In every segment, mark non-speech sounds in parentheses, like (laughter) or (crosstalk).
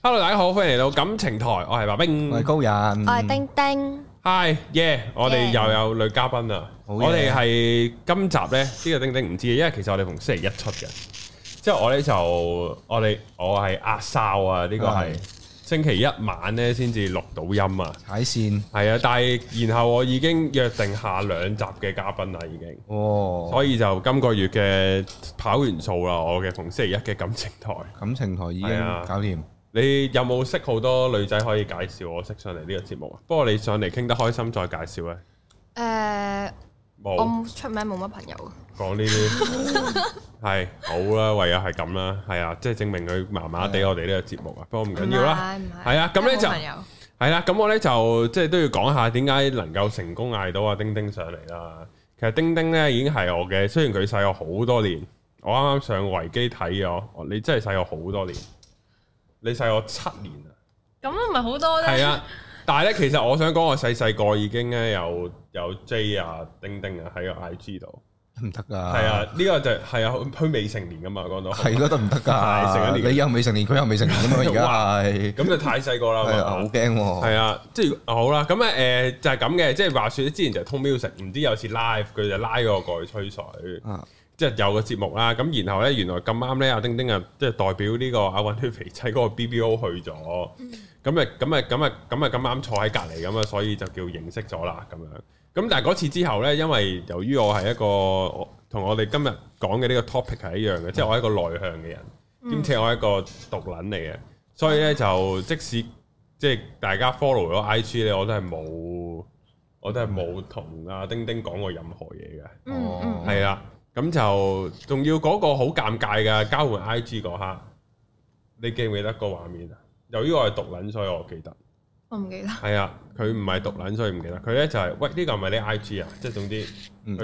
hello，大家好，歡迎嚟到感情台，我係白兵，我係高人，我係丁丁，hi yeah，我哋又有女嘉賓啦，我哋係今集咧，呢個丁丁唔知，因為其實我哋逢星期一出嘅，之後我咧就我哋我係壓哨啊，呢個係星期一晚咧先至錄到音啊，踩線，係啊，但係然後我已經約定下兩集嘅嘉賓啦，已經，哦，所以就今個月嘅跑完數啦，我嘅逢星期一嘅感情台，感情台已經搞掂。你有冇識好多女仔可以介紹我識上嚟呢個節目啊？不過你上嚟傾得開心再介紹咧。誒、uh, 沒，冇，我出名冇乜朋友。講呢啲係好啦，唯有係咁啦。係啊，即係證明佢麻麻地我哋呢個節目啊。不過唔緊要啦，係啊。咁咧就係啦。咁我咧就即係都要講下點解能夠成功嗌到阿、啊、丁丁上嚟啦。其實丁丁咧已經係我嘅，雖然佢細我好多年。我啱啱上維基睇咗，你真係細我好多年。你細我七年啊，咁咪好多咧。係啊，但係咧，其實我想講，我細細個已經咧有有 J 啊、丁丁啊喺個 IG 度，唔得噶。係啊，呢、這個就係、是、啊，佢未成年噶嘛，講到係嗰得唔得噶？未成年，你又未成年，佢又未成年噶嘛而家，咁就太細個啦，好驚喎。係啊、就是，即、嗯、係、嗯、好啦，咁啊誒就係咁嘅，即、嗯、係、就是嗯嗯就是嗯就是、話說之前就係通 music，唔知有次 live 佢就拉我過，過，過去吹水。啊即係有個節目啦，咁然後咧原來咁啱咧阿丁丁啊，即係代表呢個阿混血肥仔嗰個 BBO 去咗，咁啊咁啊咁啊咁啊咁啱坐喺隔籬咁啊，所以就叫認識咗啦咁樣。咁但係嗰次之後咧，因為由於我係一個同我哋今日講嘅呢個 topic 係一樣嘅，即係、嗯、我係一個內向嘅人兼且我係一個毒撚嚟嘅，嗯、所以咧就即使即係、就是、大家 follow 咗 IG 咧，我都係冇我都係冇同阿丁丁講過任何嘢嘅，係啦。咁就仲要嗰個好尷尬噶，交換 I G 嗰刻，你記唔記得個畫面啊？由於我係獨撚，所以我記得。我唔記得。係啊，佢唔係獨撚，所以唔記得。佢咧就係、是、喂，呢、這個唔係你 I G 啊，即係總之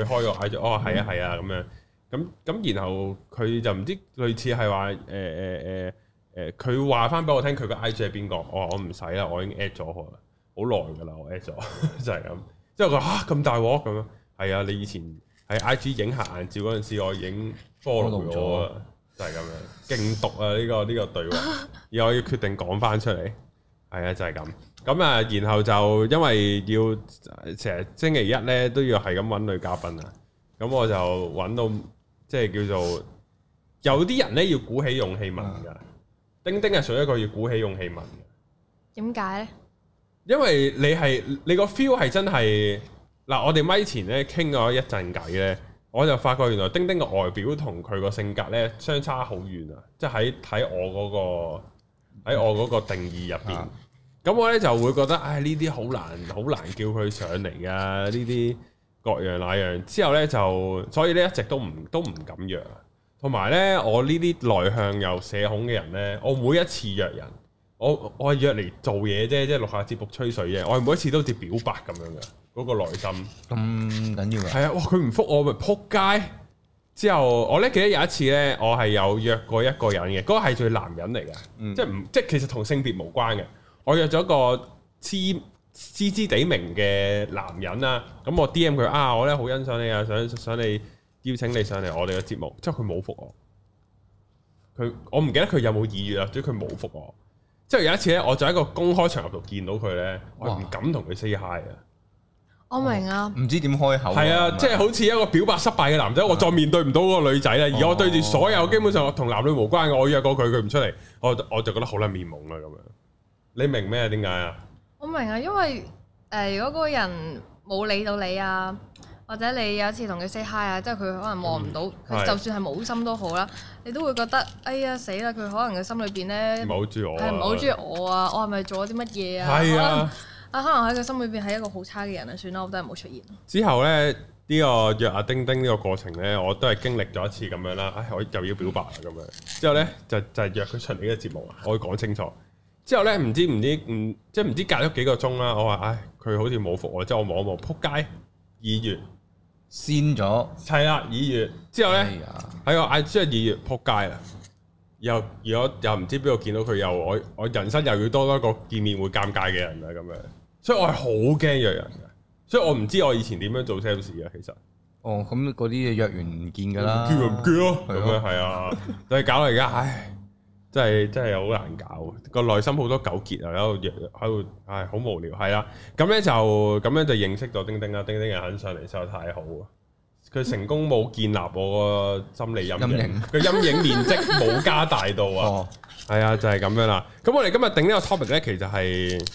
佢開個 I G，、嗯、哦係啊係啊咁、嗯、樣，咁咁然後佢就唔知類似係話誒誒誒誒，佢話翻俾我聽佢個 I G 係邊個，我我唔使啦，我已經 at 咗佢啦，好耐噶啦，我 at 咗 (laughs) 就係咁，之後佢話啊，咁大鑊咁樣，係啊，你以前。喺 I G 影下眼照嗰陣時，我已經 follow 咗就係咁樣勁毒啊！呢、呢個呢、呢個對話，而我 (coughs) 要決定講翻出嚟，係啊，就係、是、咁。咁啊，然後就因為要成日星期一咧，都要係咁揾女嘉賓啊。咁我就揾到，即、就、係、是、叫做有啲人咧要鼓起勇氣問噶。丁丁係屬於一個要鼓起勇氣問嘅，點解咧？因為你係你個 feel 係真係。嗱，我哋咪前咧傾咗一陣偈咧，我就發覺原來丁丁嘅外表同佢個性格咧相差好遠啊！即係喺睇我嗰、那個喺我嗰個定義入邊，咁、啊、我咧就會覺得唉呢啲好難好難叫佢上嚟啊！呢啲各樣那樣之後咧，就所以咧一直都唔都唔敢約、啊，同埋咧我呢啲內向又社恐嘅人咧，我每一次約人，我我約嚟做嘢啫，即係錄下節目吹水啫，我每一次都似表白咁樣嘅。嗰個內心咁緊要嘅、啊，係啊！哇！佢唔復我咪撲街。之後我咧記得有一次咧，我係有約過一個人嘅，嗰、那個係最男人嚟嘅、嗯，即係唔即係其實同性別無關嘅。我約咗個私私知底明嘅男人啦。咁我 D M 佢啊，我咧好欣賞你啊，想想你邀請你上嚟我哋嘅節目，即係佢冇復我。佢我唔記得佢有冇意願啊，即係佢冇復我。之後有一次咧，我就喺個公開場合度見到佢咧，哇我唔敢同佢 say hi 啊。我明啊，唔、哦、知點開口。係啊，啊嗎即係好似一個表白失敗嘅男仔，我再面對唔到個女仔咧，哦、而我對住所有、哦、基本上我同男女無關嘅，我約過佢，佢唔出嚟，我我就覺得好撚面懵啊咁樣。你明咩？點解啊？我明啊，因為、呃、如果個人冇理到你啊，或者你有一次同佢 say hi 啊，即係佢可能望唔到，嗯、就算係冇心都好啦，啊、你都會覺得哎呀死啦！佢可能佢心裏邊咧唔係好中意我啊，我係咪做咗啲乜嘢啊？係啊。啊，可能喺佢心裏邊係一個好差嘅人啊，算啦，我都係冇出現。之後咧呢、這個約阿丁丁呢個過程咧，我都係經歷咗一次咁樣啦。唉，我又要表白啦咁樣。之後咧就就係約佢出嚟呢個節目，我要講清楚。之後咧唔知唔知唔即係唔知隔咗幾個鐘啦。我話唉，佢好似冇覆我,我看看了，之後、哎、呀我望一望，扑街！二月先咗，係啊，二月之後咧係啊，即係二月扑街啦。又如果又唔知邊度見到佢，又我我人生又要多一個見面會尷尬嘅人啊咁樣。所以我係好驚約人嘅，所以我唔知我以前點樣做 sales 嘅，其實。哦，咁嗰啲嘢約完唔見噶啦，拒就唔拒咯，咁樣係啊，所以、哦啊、搞到而家，唉，真係真係好難搞，個內心好多糾結啊，喺度喺度，唉，好無聊，係啦、啊，咁咧就咁樣就認識到丁丁啊，丁丁又肯上嚟，實在太好。佢成功冇建立我個心理陰影，佢陰影，影面積冇加大到啊，係、哦、啊，就係、是、咁樣啦。咁我哋今日定呢個 topic 咧，其實係。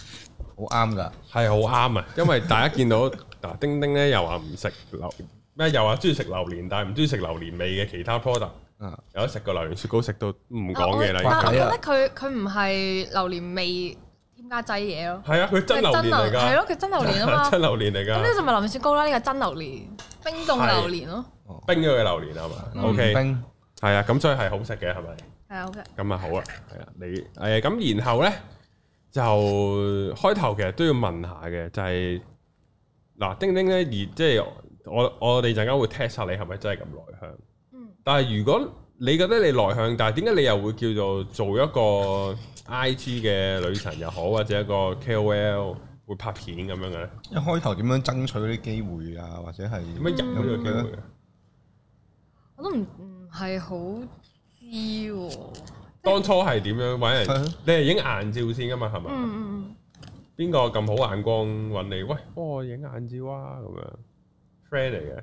好啱噶，係好啱啊！因為大家見到嗱，丁丁咧又話唔食榴咩，又話中意食榴蓮，但係唔中意食榴蓮味嘅其他 product。嗯，有得食個榴蓮雪糕，食到唔講嘢啦。但係我覺得佢佢唔係榴蓮味添加劑嘢咯。係啊，佢真榴蓮嚟噶，係咯，佢真榴蓮咯，真榴蓮嚟噶。咁呢就咪榴蓮雪糕啦，呢個真榴蓮，冰凍榴蓮咯，冰咗嘅榴蓮係嘛，OK，係啊，咁所以係好食嘅係咪？係啊，OK，咁啊好啦，係啊，你誒咁然後咧。就開頭其實都要問下嘅，就係、是、嗱，丁丁咧，而即係我我哋陣間會 test 下你係咪真係咁內向。嗯。但係如果你覺得你內向，但係點解你又會叫做做一個 IG 嘅女神又好，或者一個 KOL 會拍片咁樣嘅咧？一開頭點樣爭取啲機會啊？或者係點樣咁樣入到呢個機會、啊？我都唔唔係好知喎、啊。當初係點樣揾人？啊、你係影硬照先噶嘛？係咪？嗯嗯，邊個咁好眼光揾你？喂，幫我影硬照啊！咁樣 friend 嚟嘅。誒、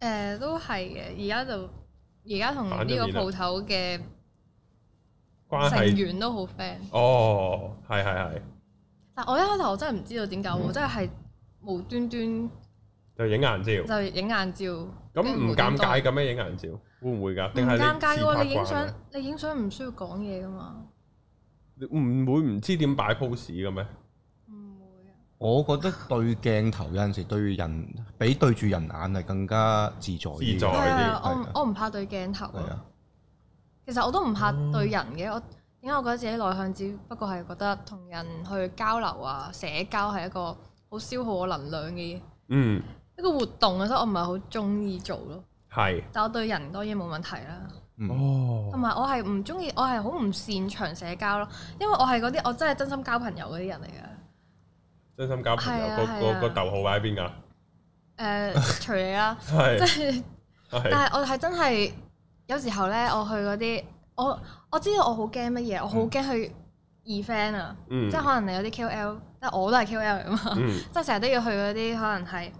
呃，都係嘅。而家就而家同呢個鋪頭嘅關係永遠都好 friend。哦，係係係。嗱，但我一開頭我真係唔知道點解，嗯、我真係係無端端就影硬照，就影硬照。咁唔尷尬噶咩？咁樣影硬照。會唔會噶？定係尷尬噶喎！你影相，你影相唔需要講嘢噶嘛？你唔會唔知點擺 pose 嘅咩？唔會、啊。我覺得對鏡頭有陣時對人 (laughs) 比對住人眼係更加自在。自在啲、係啊。我、係啊、我唔怕對鏡頭嘅。係啊、其實我都唔怕對人嘅，我點解我覺得自己內向？只不過係覺得同人去交流啊，社交係一個好消耗我能量嘅嘢。嗯。一個活動，所以我唔係好中意做咯。係，是但我對人當然冇問題啦。哦、嗯，同埋我係唔中意，我係好唔擅長社交咯。因為我係嗰啲我真係真心交朋友嗰啲人嚟嘅。真心交朋友，個個逗號擺喺邊㗎？誒、啊，除、呃、你啦。即係，但係我係真係有時候咧，我去嗰啲，我我知道我好驚乜嘢，我好驚去 event 啊、嗯，即係可能你有啲 QL，即係我都係 QL 啊嘛，嗯、 (laughs) 即係成日都要去嗰啲可能係。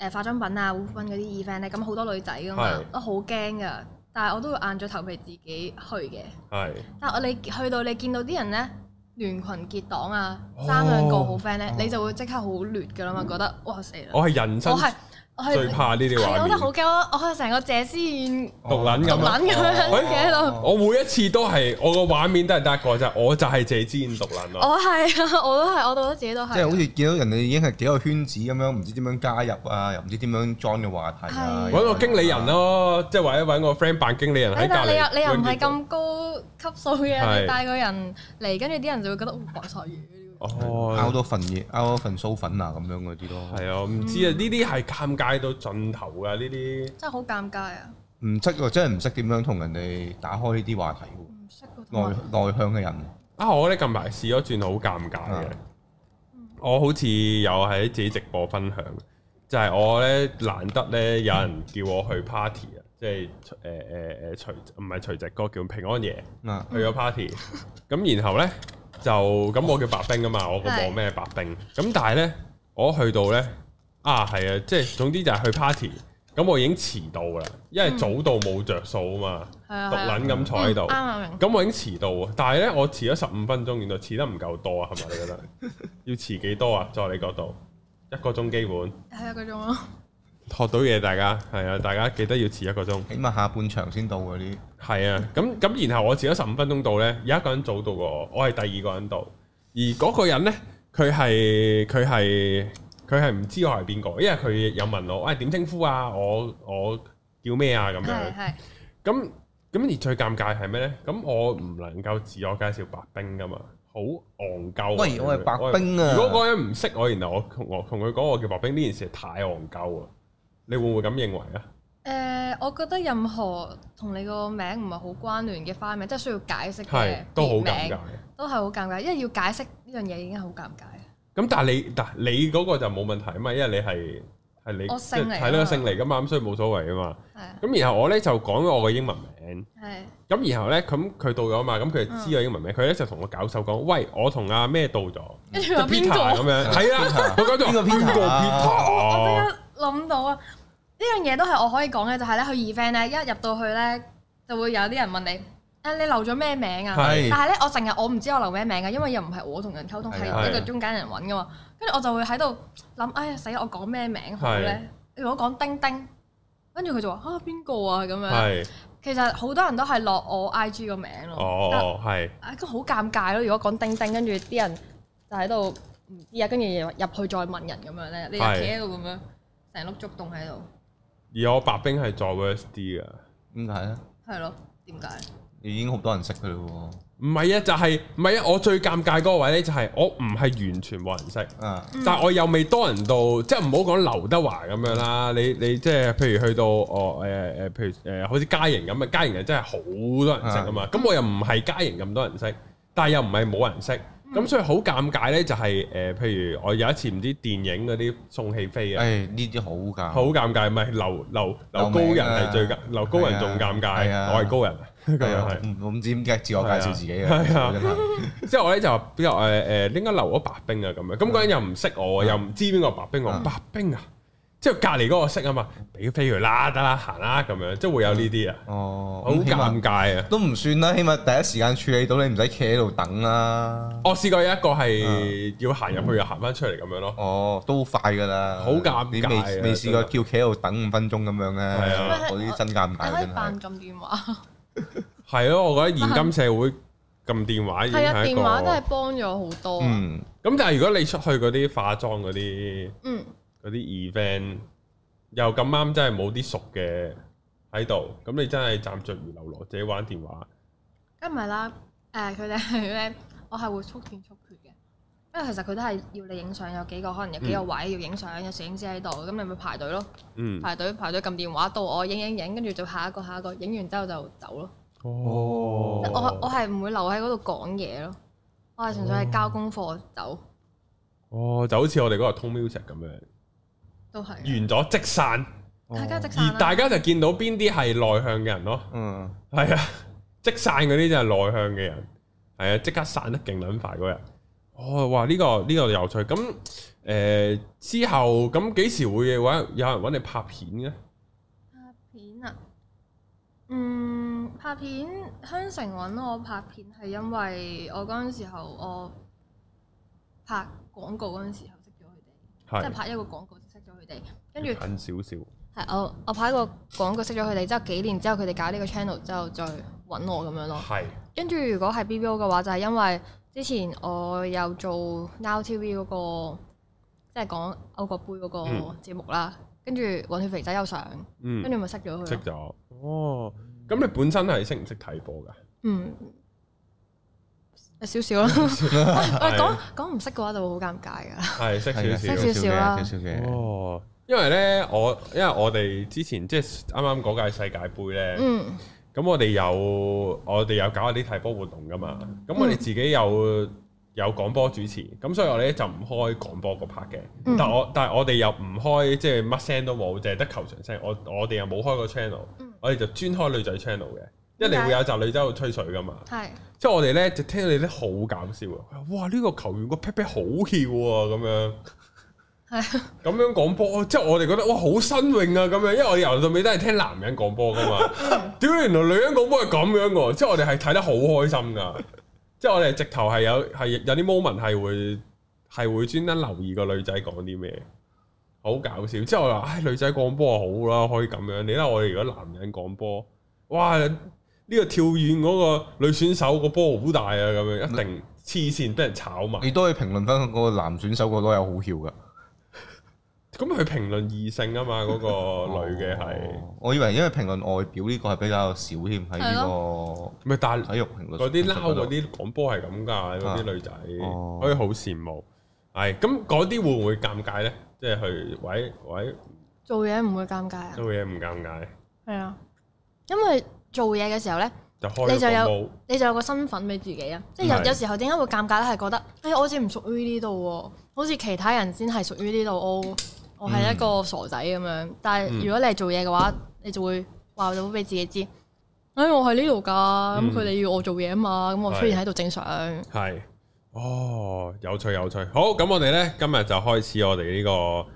誒、呃、化妝品啊，護膚品嗰啲 friend 咧，咁、hmm. 好多女仔噶嘛，mm hmm. 都好驚噶，但係我都會硬著頭皮自己去嘅。係、mm，hmm. 但係我你去到你見到啲人咧，聯群結黨啊，三、oh. 兩個好 friend 咧，oh. 你就會即刻好劣噶啦嘛，覺得哇死啦！我係人生我。最怕呢啲畫面，我覺得好驚啊！我成個謝詩燕獨撚咁樣，喺度、哎。哦、我每一次都係，我個畫面都係得一個啫，我就係謝詩燕獨撚咯。我係啊，我都係，我覺得自己都係。即係好似見到人哋已經係幾個圈子咁樣，唔知點樣加入啊，又唔知點樣 join 嘅話題，揾個對經理人咯，即係或者揾個 friend 扮經理人喺隔籬。但係你又你又唔係咁高級數嘅，對你帶個人嚟，跟住啲人就會覺得好白菜魚。哦、oh.，拗多份嘢，拗多份酥粉啊，咁樣嗰啲咯。係啊，唔、嗯、知啊，呢啲係尷尬到盡頭㗎，呢啲真係好尷尬啊！唔識喎，真係唔識點樣同人哋打開呢啲話題喎。唔識，內內向嘅人。啊，我咧近排試咗轉好尷尬嘅，啊、我好似有喺自己直播分享，就係、是、我咧難得咧有人叫我去 party 啊、就是，即係誒誒誒，除唔係除夕個叫平安夜啊，去咗 party，咁然後咧。就咁，我叫白兵啊嘛，我個網咩白兵？咁的但係呢，我去到呢啊，係啊，即係總之就係去 party。咁我已經遲到啦，因為早到冇着數啊嘛，獨撚咁坐喺度。啱咁、嗯、咁我已經遲到啊，但係呢，我遲咗十五分鐘，原來遲得唔夠多啊，係咪你覺得？ (laughs) 要遲幾多啊？再你角度，一個鐘基本係一個鐘咯。學到嘢，大家係啊！大家記得要遲一個鐘。起碼下半場先到嗰啲。係 (laughs) 啊，咁咁，然後我遲咗十五分鐘到呢，有一個人早到喎，我係第二個人到。而嗰個人呢，佢係佢係佢係唔知我係邊個，因為佢有問我，喂點稱呼啊？我我叫咩啊？咁樣。咁咁而最尷尬係咩呢？咁我唔能夠自我介紹白兵㗎嘛，好戇鳩。喂，啊、我係白兵啊！如果嗰個人唔識我，然後我同我同佢講我叫白兵，呢件事太戇鳩啊！你會唔會咁認為咧？誒，我覺得任何同你個名唔係好關聯嘅花名，即係需要解釋嘅，都好尷尬，都係好尷尬，因為要解釋呢樣嘢已經係好尷尬。咁但係你但係你嗰個就冇問題啊嘛，因為你係係你，係呢個姓嚟噶嘛，咁所以冇所謂啊嘛。係。咁然後我咧就講咗我嘅英文名。係。咁然後咧，咁佢到咗嘛，咁佢就知我英文名。佢咧就同我搞手講：喂，我同阿咩到咗？邊個？咁樣？係啊，我講到邊個？邊個？邊個？我一諗到啊！呢樣嘢都係我可以講嘅，就係、是、咧去 event 咧一入到去咧就會有啲人問你誒、啊，你留咗咩名啊？是但係咧，我成日我唔知我留咩名嘅，因為又唔係我同人溝通，係一個中間人揾噶嘛。跟住是我就會喺度諗，哎呀死，我講咩名好咧？如果講丁丁，跟住佢就話啊邊個啊咁樣。其實好多人都係落我 I G 個名咯。哦，咁好尷尬咯！如果講丁丁，跟住啲人就喺度唔知啊，跟住入去再問人咁樣咧，你企喺度咁樣成碌竹戙喺度。而我白冰係在 VS D 嘅，點解咧？係咯，點解？你已經好多人識佢咯喎。唔係啊，就係唔係啊。我最尷尬個位咧、就是，就係我唔係完全冇人識啊。嗯、但係我又未多人到，即係唔好講劉德華咁樣啦、嗯。你你即係譬如去到哦誒誒，譬如誒，好似嘉瑩咁啊，嘉瑩係真係好多人識啊嘛。咁、嗯、我又唔係嘉瑩咁多人識，但係又唔係冇人識。咁所以好尷尬咧，就係誒，譬如我有一次唔知電影嗰啲送戲飛啊，呢啲好尷，好尷尬，唔係留留留高人係最尷，留高人仲尷尬，我係高人，啊，咁樣係，我唔知點解自我介紹自己啊，之後我咧就比如誒誒應該留咗白兵啊咁樣，咁嗰人又唔識我，又唔知邊個白兵，我白兵啊。即係隔籬嗰個識啊嘛，俾飛佢啦，得啦，行啦，咁樣即係會有呢啲啊。哦，好尷尬啊，都唔算啦，起碼第一時間處理到你，唔使企喺度等啦。我試過有一個係要行入去又行翻出嚟，咁樣咯。哦，都快㗎啦，好尷尬，未未試過叫企喺度等五分鐘咁樣咧？係啊，我啲真尷尬真係。撳電話。係咯，我覺得現今社會撳電話係啊，電話都係幫咗好多。嗯。咁但係如果你出去嗰啲化妝嗰啲，嗯。嗰啲 event 又咁啱真係冇啲熟嘅喺度，咁你真係站着如流落，自己玩電話。梗唔係啦？誒，佢哋係咩？我係會速斷速決嘅，因為其實佢都係要你影相，有幾個可能有幾個位要影相，有攝影師喺度，咁你咪排隊咯。嗯。排隊排隊撳電話，到我影影影，跟住就下一個下一個，影完之後就走咯。哦。我我係唔會留喺嗰度講嘢咯，我係純粹係交功課走。哦，就好似我哋嗰個通 music 咁樣。都係完咗即散，大家即散啊，而大家就見到邊啲係內向嘅人咯。嗯，係啊，即散嗰啲就係內向嘅人。係啊，即刻散得勁撚快嗰日。哦，哇！呢個呢個有趣。咁誒、呃、之後咁幾時會揾有人揾你拍片嘅？拍片啊？嗯，拍片，香城揾我拍片係因為我嗰陣時候我拍廣告嗰陣時候識咗佢哋，是即係拍一個廣告。跟住近少少，係我我拍一個廣告識咗佢哋，之後幾年之後佢哋搞呢個 channel 之後再搵我咁樣咯。係，跟住如果係 BBO 嘅話，就係因為之前我有做 Now TV 嗰個，即係講歐國杯嗰個節目啦。跟住黃小肥仔有相，跟住咪識咗佢。識咗哦，咁你本身係識唔識睇波噶？嗯。少少啦，講講唔識嘅話就會好尷尬噶。係識少少，識少少啊！少少嘅，因為咧，我因為我哋之前即係啱啱嗰屆世界盃咧，咁我哋有我哋有搞一啲踢波活動噶嘛，咁我哋自己有有廣播主持，咁所以我哋就唔開廣播個拍嘅，但係我但係我哋又唔開即係乜聲都冇，淨係得球場聲。我我哋又冇開個 channel，我哋就專開女仔 channel 嘅，因為你會有集女仔度吹水噶嘛。係。即係我哋咧，就聽到你啲、這個、好搞笑啊！哇，呢個球員個 pat pat 好翹啊，咁樣，係咁 (laughs) 樣講波。即係我哋覺得哇，好新穎啊，咁樣。因為我哋由到尾都係聽男人講波噶嘛，屌， (laughs) 原來女人講波係咁樣噶？即係我哋係睇得好開心噶。 (laughs) 即係我哋直頭係有係有啲 moment 係會係會專登留意個女仔講啲咩，好搞笑。即係我話唉、哎，女仔講波好啦，可以咁樣。你睇我哋如果男人講波，哇！呢個跳遠嗰個女選手個波好大啊！咁樣一定黐線，俾人炒埋。你都可以評論翻嗰個男選手個囉柚好翹噶？咁佢評論異性啊嘛？嗰、那個女嘅係、 (laughs) 哦，我以為因為評論外表呢個係比較少添，喺呢、這個咪打體育評論嗰啲撈嗰啲講波係咁噶，嗰啲、啊、女仔、哦、可以好羨慕。係咁嗰啲會唔會尷尬咧？即、就、係、是、去喂喂做嘢唔會尷尬啊？做嘢唔尷尬係啊，因為。做嘢嘅時候呢，就你就有你就有個身份俾自己啊！是即係有有時候點解會尷尬咧？係覺得誒、欸，我好似唔屬於呢度喎，好似其他人先係屬於呢度。我我係一個傻仔咁樣。嗯、但係如果你係做嘢嘅話，你就會話到俾自己知，誒、嗯欸，我喺呢度㗎。咁佢哋要我做嘢啊嘛。咁我出現喺度正常。係哦，有趣有趣。好，咁我哋呢，今日就開始我哋呢個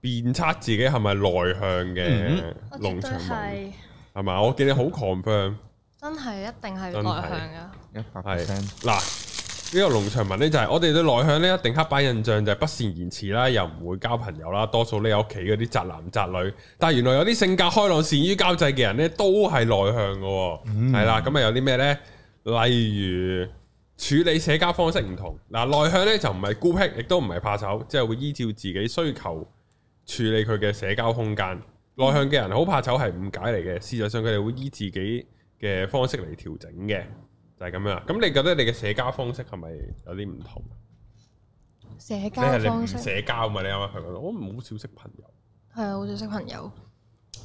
辨測自己係咪內向嘅農場。嗯係嘛？我見你好 confuse，真係一定係內向嘅，一百 percent。嗱，這個、場呢個農場文咧就係我哋對內向咧一定刻板印象就係不善言辭啦，又唔會交朋友啦，多數匿屋企嗰啲宅男宅女。但係原來有啲性格開朗、善於交際嘅人咧，都係內向嘅，係、嗯、啦。咁啊有啲咩咧？例如處理社交方式唔同。嗱，內向咧就唔係孤僻，亦都唔係怕醜，即、就、係、是、會依照自己需求處理佢嘅社交空間。內向嘅人好怕醜係誤解嚟嘅，事實上佢哋會依自己嘅方式嚟調整嘅，就係、是、咁樣啦。咁你覺得你嘅社交方式係咪有啲唔同？社交方式，你你社交咪你啱啊！我唔好少識朋友，係啊，好少識朋友。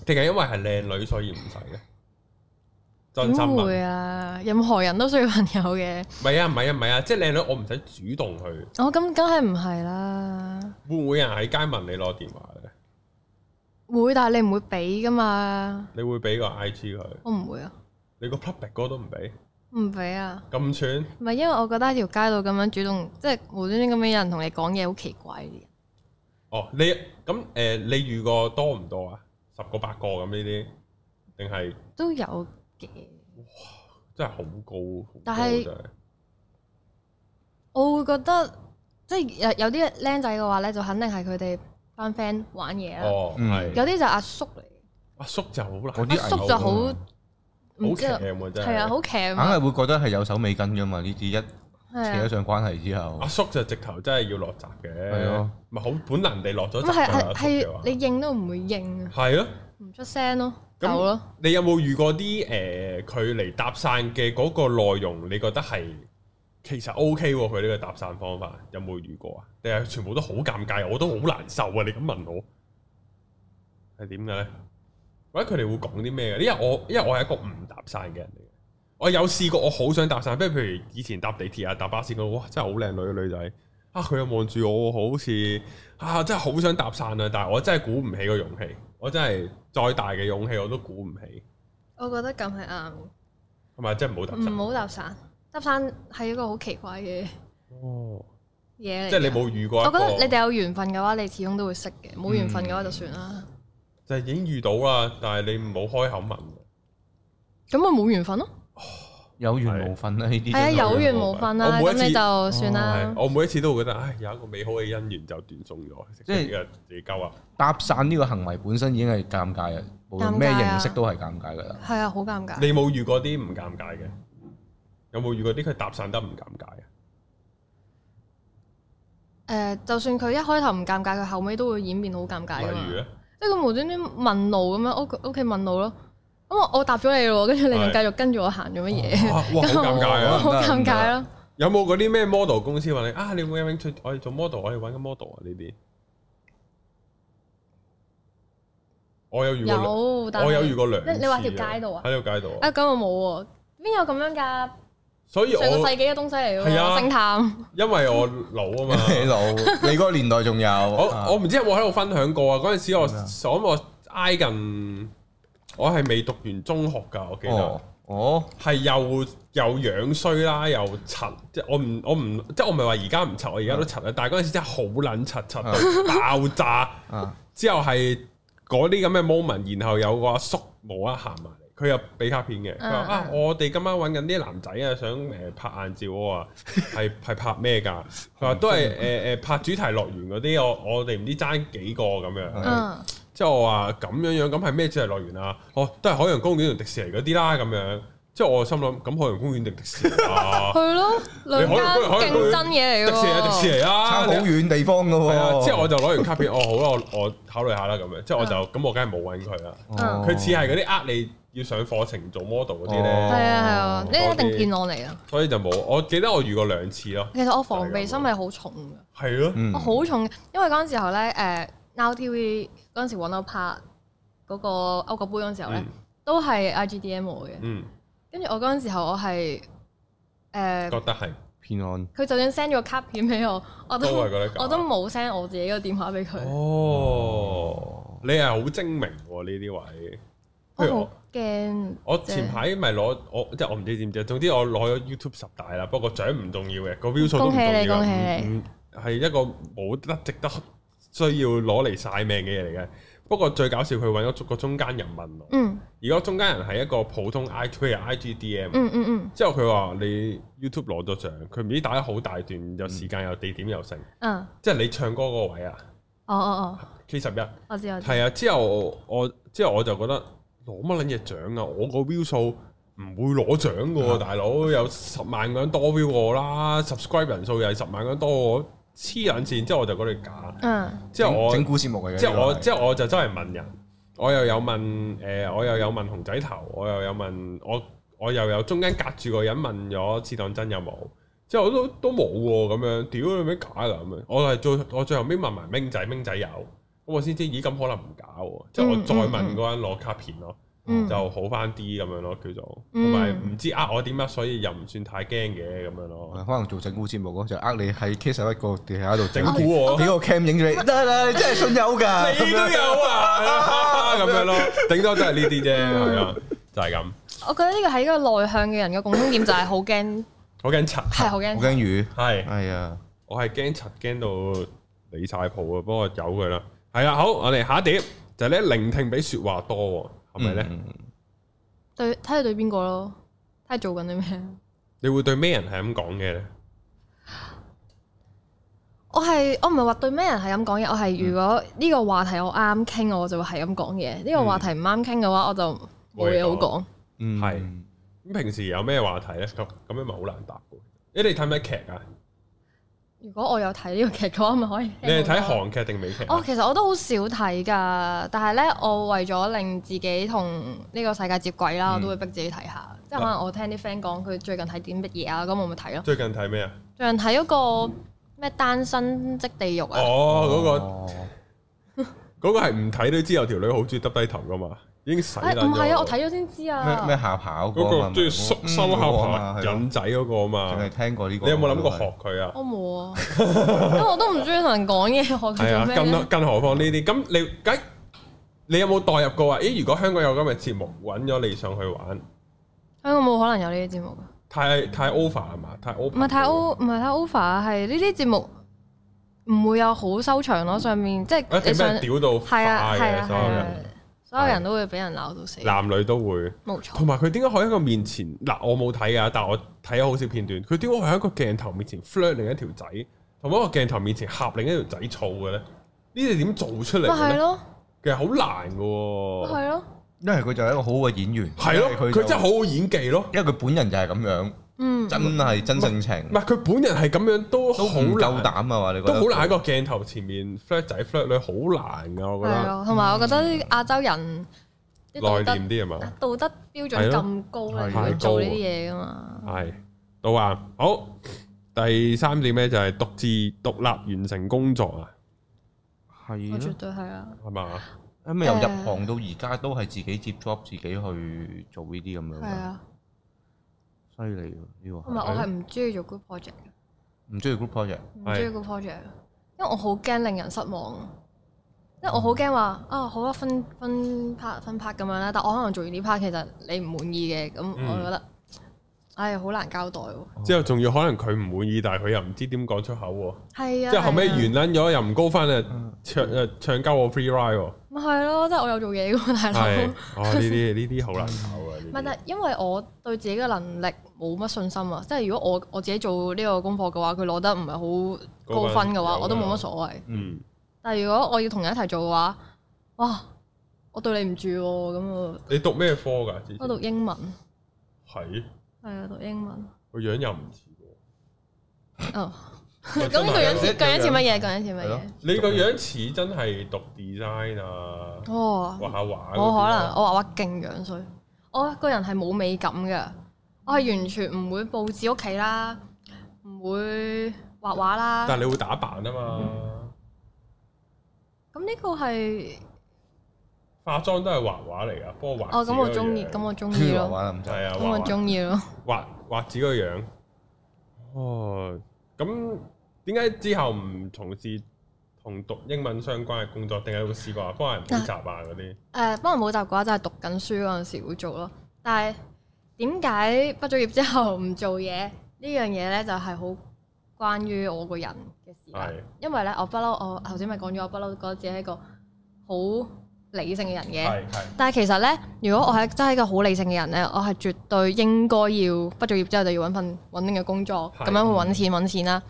定係因為係靚女所以唔使真心？會啊！任何人都需要朋友嘅。唔係啊，唔係啊，唔係啊！即係靚女，我唔使主動去。哦，咁梗係唔係啦？會唔會有人喺街問你攞電話？會，但係你唔會俾㗎嘛？你會俾個 IG 佢？我唔會啊。你個 public 哥都唔俾？唔俾啊。咁串？唔係因為我覺得喺條街度咁樣主動，即係無端端咁樣有人同你講嘢，好奇怪啲人。哦，你咁，誒，呃，你遇過多唔多啊？十個八個咁呢啲，定係都有嘅。哇！真係好高，高，但係我會覺得即係有有啲靚仔嘅話咧，就肯定係佢哋。翻 friend 玩嘢啦，有啲就阿叔嚟，阿叔就好難，阿叔就好，好騎嘅啊，好騎啊，梗係會覺得係有手尾跟嘅嘛，呢啲一扯上關係之後，阿叔就直頭真係要落閘嘅，係咯，咪好本能地落咗閘。唔係係係你應都唔會應啊，係咯，唔出聲咯，咁你有冇遇過啲誒佢嚟搭訕嘅嗰個內容？你覺得係？其實 OK 佢呢個搭訕方法有冇遇過啊？定係全部都好尷尬，我都好難受啊！你咁問我係點嘅咧？或者佢哋會講啲咩嘅？因為我因為我係一個唔搭訕嘅人嚟嘅，我有試過，我好想搭訕，即係譬如以前搭地鐵啊搭巴士嗰，哇真係好靚女嘅女仔啊！佢又望住我，好似啊真係好想搭訕啊！但係我真係鼓唔起個勇氣，我真係再大嘅勇氣我都鼓唔起。我覺得咁係啱嘅，係咪真係唔好搭唔好搭訕？搭訕係一個好奇怪嘅嘢，即係你冇遇過。我覺得你哋有緣分嘅話，你始終都會識嘅；冇緣分嘅話就、嗯，就算啦。就係已經遇到啦，但係你唔好開口問。咁咪冇緣分咯、啊哦？有緣無份啦呢啲係啊，對有緣無份啦、啊，咁、啊、你就算啦、哦。我每一次都會覺得，唉，有一個美好嘅姻緣就斷送咗，即係自己夠啊！搭訕呢個行為本身已經係尷尬嘅，咩認識都係尷尬噶啦。係啊，好尷尬。你冇遇過啲唔尷尬嘅？有冇遇過啲佢搭訕得唔尷尬啊？誒，就算佢一開頭唔尷尬，佢後尾都會演變好尷尬啊！例如咧，即係佢無端端問路咁樣，OK OK 問路咯。咁我答咗你咯，跟住你仲繼續跟住我行咗，乜嘢？哇，好尷尬啊！好尷尬咯！有冇嗰啲咩 model 公司話你啊？你永遠出我哋做 model，我哋揾個 model 啊！呢啲我有遇有，我有遇過兩次。你話條街度啊？喺條街度？啊？啊，咁我冇喎，邊有咁樣㗎？所以上個世紀嘅東西嚟咯，星、啊、星探。因為我老啊嘛， (laughs) 你老。你嗰年代仲有， (laughs) 我我唔知有冇喺度分享過啊。嗰陣時我，麼我，我挨近，我係未讀完中學㗎，我記得。哦。係、哦、又又樣衰啦，又柒，即係我唔我唔，即係我唔係話而家唔柒，我而家、就是、都柒啊。嗯、但係嗰陣時真係好撚柒，柒到爆炸。之後係嗰啲咁嘅 moment，然後有個阿叔冇行閑。佢又俾卡片嘅，佢話啊，我哋今晚揾緊啲男仔啊，想誒拍硬照啊，係係拍咩噶？佢話都係誒誒拍主題樂園嗰啲，我我哋唔知爭幾個咁樣。嗯，即我話咁樣樣，咁係咩主題樂園啊？哦，都係海洋公園同迪士尼嗰啲啦咁樣。即係我心諗，咁海洋公園定迪士尼啊？係咯，兩家競爭嘢嚟嘅。迪士尼啊，迪士尼啊，差好遠地方嘅喎。係啊，之後我就攞完卡片，哦，好啦，我我考慮下啦咁樣。即係我就咁，我梗係冇揾佢啦。佢似係嗰啲呃你。要上課程做 model 嗰啲咧，係啊，係啊，你一定騙案嚟啊！所以就冇，我記得我遇過兩次咯。其實我防備心係好重嘅，係咯，我好重嘅，因為嗰陣時候咧，誒，Now TV 嗰陣時揾我拍嗰個歐國杯嗰陣時候咧，都係 IGDM 嘅，嗯，跟住我嗰陣時候我係誒覺得係騙案，佢就算 send 咗卡片俾我，我都我都冇 send 我自己個電話俾佢。哦，你係好精明喎呢啲位，因我前排咪攞我即係我唔知知唔知，總之我攞咗 YouTube 十大啦。不過獎唔重要嘅，個 view 數都唔重要，唔係、嗯嗯、一個冇得值得需要攞嚟晒命嘅嘢嚟嘅。不過最搞笑，佢揾咗個中間人問我。如果、嗯、中間人係一個普通 I tweet I G D M 嗯嗯嗯。之後佢話你 YouTube 攞咗獎，佢唔知打咗好大段，有時間有地點又成，嗯嗯、即係你唱歌嗰個位啊。哦哦哦。K11。我知我知。係啊，之後我之後我就覺得。攞乜撚嘢獎啊！我個 view 數唔會攞獎嘅喎，嗯、大佬有十萬個人多 view 我啦，subscribe 人數又係十萬個人多我黐兩線，之後我就覺得假。嗯，之後我整故事情節，之後我之後個我，我就周圍問人，我又有問誒、呃，我又有問熊仔頭，我又有問我我又有中間隔住個人問咗，次當真有冇？之後我都都冇喎，咁樣屌你咩假㗎咁啊！樣樣我係最我最後尾問埋明仔明仔有。我先知，咦咁可能唔搞喎，即係我再問嗰個人攞卡片咯，就好翻啲咁樣咯，叫做同埋唔知呃我點啊，所以又唔算太驚嘅咁樣咯。可能做整蠱節目咯，就呃你喺 K11 個地下度整蠱幾個 cam 影住，得啦，你真係信有㗎，你都有啊，咁樣咯，頂多都係呢啲啫，係啊，就係咁。我覺得呢個係一個內向嘅人嘅共通點，就係好驚，好驚賊係，好驚，好驚魚係，係啊，我係驚賊驚到理曬譜啊，不過有佢啦。係啊，好，我哋下一碟，就係、是、咧聆聽比說話多，係咪咧？對，睇下對邊個咯，睇下做緊啲咩。你會對咩人係咁講嘅？我係我唔係話對咩人係咁講嘅，我係如果呢個話題我啱傾，我就會係咁講嘢。呢、嗯、個話題唔啱傾嘅話，我就冇嘢好講、嗯。嗯，係咁。平時有咩話題咧？咁咁樣咪好難答。你哋睇咩劇啊？如果我有睇呢個劇嘅話，咪可以。你係睇韓劇定美劇？哦，其實我都好少睇㗎，但係咧，我為咗令自己同呢個世界接軌啦，嗯、我都會逼自己睇下。啊、即係可能我聽啲 friend 講佢最近睇啲乜嘢啊，咁我咪睇咯。最近睇咩啊？最近睇嗰個咩單身即地獄啊？哦，嗰個嗰個係唔睇都知有條女好中意耷低頭㗎嘛～已經唔係、哎、啊，我睇咗先知啊。咩下，那個、下跑？嗰個中意縮收下爬引仔嗰個啊嘛，淨係聽過呢個、哎。你有冇諗過學佢啊？我冇啊，因為我都唔中意同人講嘢。學佢做咩，更更何況呢啲咁你梗，你有冇代入過啊？咦，如果香港有咁嘅節目，搵咗你上去玩，香港冇可能有呢啲節目㗎。太太 over 係嘛？太 over 唔係太 over 唔係太 over 係呢啲節目唔會有好收場咯。上面、嗯、即係你想屌、okay, 到係啊係啊所有人。的所有人都會俾人鬧到死，男女都會，冇錯。同埋佢點解可以喺個面前嗱、啊，我冇睇啊，但我睇咗好少片段，佢點解喺個鏡頭面前 flirt 另一條仔，同埋個鏡頭面前合另一條仔醋嘅咧？呢啲點做出嚟咧？係咯、啊，啊、其實好難嘅喎、啊。係咯、啊，因為佢就係一個好好嘅演員，係咯、啊，佢佢真係好好演技咯，因為佢本人就係咁樣。嗯，真係真性情。唔係佢本人係咁樣都好夠膽啊！你我得？都好難喺個鏡頭前面，flat 仔 flat 女好難噶。我覺得，同埋我覺得亞洲人內念啲啊嘛，道德標準咁高嚟，做呢啲嘢噶嘛。係，到啊，好。第三點咧就係獨自獨立完成工作啊。係，絕對係啊。係嘛？咁啊，由入行到而家都係自己接 j 自己去做呢啲咁樣。係啊。犀利喎呢個！唔係我係唔中意做 group project，唔中意 group project，唔中意 group project，是因為我好驚令人失望，因為我、嗯哦、好驚話啊好啊分分 part 分 part 咁樣啦，但我可能做完呢 part 其實你唔滿意嘅，咁我覺得。嗯哎，好難交代喎、啊！之後仲要可能佢唔滿意，但係佢又唔知點講出口喎。係啊！啊即係後尾完撚咗，又唔高分啊，嗯、唱誒唱交我 free ride 喎、啊。咪係咯，即係我有做嘢喎、啊，大佬。呢啲呢啲好難考啊。唔、哦、係、 (laughs) 啊，但係因為我對自己嘅能力冇乜信心啊。即係如果我我自己做呢個功課嘅話，佢攞得唔係好高分嘅話，我都冇乜所謂。嗯。但係如果我要同人一齊做嘅話，哇！我對你唔住喎，咁啊！你讀咩科㗎？我讀英文。係。係啊，讀英文。個樣又唔似喎。哦，咁呢個樣似究竟似乜嘢？究竟似乜嘢？你個樣似真係讀 design 啊？哦、oh, 啊，畫下畫。我可能我畫畫勁樣衰，我個人係冇美感嘅，我係完全唔會佈置屋企啦，唔會畫畫啦。但係你會打扮啊嘛？咁呢、嗯、個係。化妝都係畫畫嚟噶，不過畫哦咁我中意，咁我中意咯，係啊， (laughs) 咁我中意咯。畫畫自己個樣，哦咁，點解之後唔從事同讀英文相關嘅工作？定係會試過啊，幫人補習啊嗰啲？誒、呃，幫人補習嘅話就係、是、讀緊書嗰陣時會做咯。但係點解畢咗業之後唔做嘢？呢樣嘢咧就係好關於我個人嘅事。係的，因為咧我不嬲，我頭先咪講咗，我不嬲覺得自己係一個好。理性嘅人嘅，但係其實呢，如果我係真係一個好理性嘅人呢，我係絕對應該要畢咗業之後就要揾份穩定嘅工作，咁是樣去揾錢揾、嗯、錢啦、啊。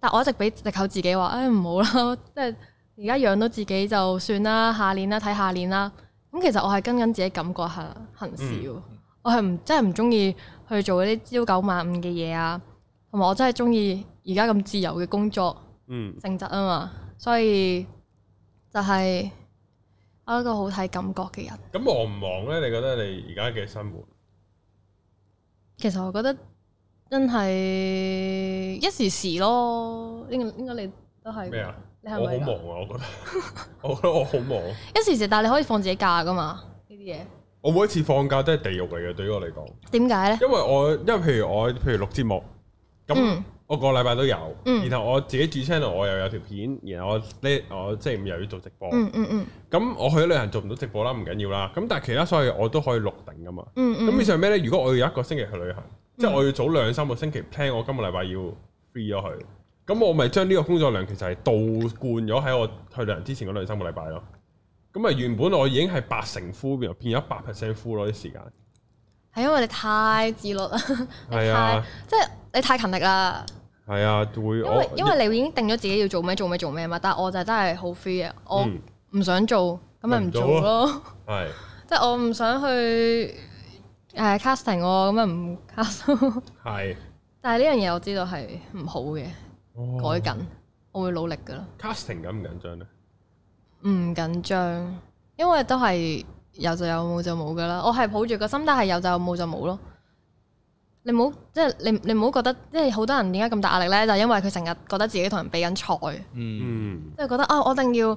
但我一直俾藉口自己話，誒唔好啦，即係而家養到自己就算啦，下年啦睇下年啦。咁其實我係跟緊自己感覺下，行事、嗯、我係唔真係唔中意去做嗰啲朝九晚五嘅嘢啊，同埋我真係中意而家咁自由嘅工作性質啊嘛，所以就係、是。一個好睇感覺嘅人，咁忙唔忙咧？你覺得你而家嘅生活？其實我覺得真係一時時咯，應應該你都係咩啊？你是是我好忙啊！ (laughs) 我覺得，我覺得我好忙 (laughs) 一時時，但係你可以放自己假㗎嘛？呢啲嘢，我每一次放假都係地獄嚟嘅，對於我嚟講，點解咧？因為我因為譬如我譬如錄節目。咁我個禮拜都有，然後我自己主 channel 我又有條片，然後我呢我即係又要做直播。咁 (noise) (noise) 我去旅行做唔到直播啦，唔緊要啦。咁但係其他所有嘢我都可以錄定㗎嘛。咁意 (noise) (noise) 上咩咧？如果我要有一個星期去旅行，即係我要早兩三個星期 plan，我今個禮拜要 free 咗佢，咁我咪將呢個工作量其實係倒灌咗喺我去旅行之前嗰兩三個禮拜咯。咁咪原本我已經係八成 full，變變咗一百 percent full 咯啲時間。係因為你太自律啦，係 (laughs) 太啊，即係你太勤力啦。係啊，會因為我因為你已經定咗自己要做咩做咩做咩嘛，但係我就真係好 free 啊。我唔想做咁咪唔做咯。係，即係我唔想去誒 casting 咯，咁咪唔 cast 咯。係，但係呢樣嘢我知道係唔好嘅，改緊，我會努力噶啦 cast。casting 緊唔緊張咧？唔緊張，因為都係。有就有，冇就冇噶啦。我係抱住個心，但係有就有，冇就冇咯。你唔好即係你你唔好覺得，即係好多人點解咁大壓力咧？就係因為佢成日覺得自己同人比緊賽，即係、嗯、覺得啊、哦，我一定要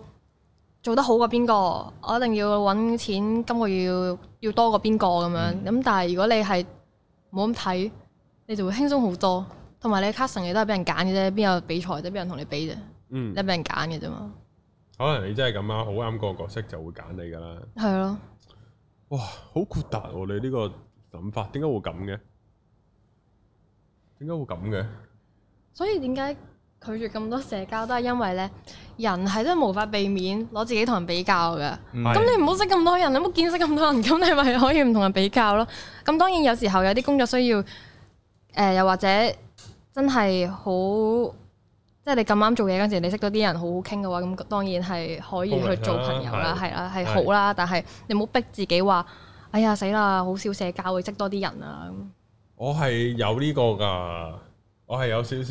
做得好過邊個，我一定要揾錢，今個月要，要多過邊個咁樣。咁、嗯、但係如果你係冇咁睇，你就會輕鬆好多。同埋你 classroom 亦都係俾人揀嘅啫，邊有比賽都俾人同你比啫？嗯、你俾人揀嘅啫嘛。可能你真係咁啊，好啱嗰個角色就會揀你噶啦。係咯的，哇，好豁達哦！你呢個諗法，點解會咁嘅？點解會咁嘅？所以點解拒絕咁多社交，都係因為咧，人係真係無法避免攞自己同人比較噶。咁的你唔好識咁多人，你唔好見識咁多人，咁你咪可以唔同人比較咯。咁當然有時候有啲工作需要，誒、呃，又或者真係好。即係你咁啱做嘢嗰陣時，你識到啲人好好傾嘅話，咁當然係可以去做朋友啦，係啦，係好啦。是是但係你唔好逼自己話，哎呀死啦，好少社交，會識多啲人啊我係有呢個㗎，我係有少少，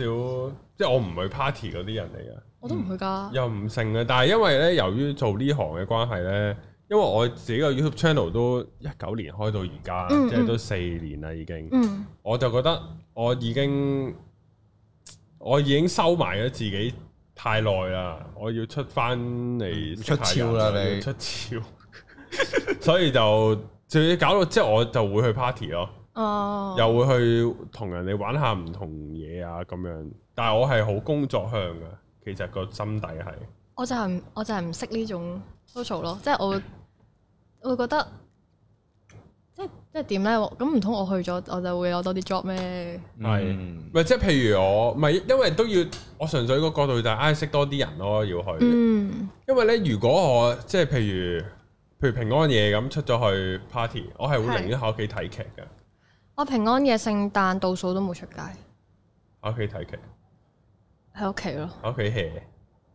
即係我唔去 party 嗰啲人嚟㗎。我都唔去㗎、嗯，又唔成啊！但係因為咧，由於做呢行嘅關係咧，因為我自己個 YouTube channel 都一九年開到而家，嗯嗯，即係都四年啦已經。嗯、我就覺得我已經。我已經收埋咗自己太耐啦，我要出翻嚟出超啦，你出超， (laughs) 所以就最搞到即係、就係、我就會去 party 咯，oh. 又會去人同人哋玩下唔同嘢啊，咁樣。但係我係好工作向嘅，其實個心底係我就係、係、我就係唔識呢種 social 咯，即係我會我覺得。即即係點咧？咁唔通我去咗我就會有多啲 job 咩？係是，咪、嗯、即係譬如我，唔係因為都要我純粹個角度就係識多啲人咯，要去。嗯。因為咧，如果我即係譬如譬如平安夜咁出咗去 party，我係會寧願喺屋企睇劇噶。我平安夜聖誕倒數都冇出街。喺屋企睇劇。喺屋企咯。喺屋企 hea。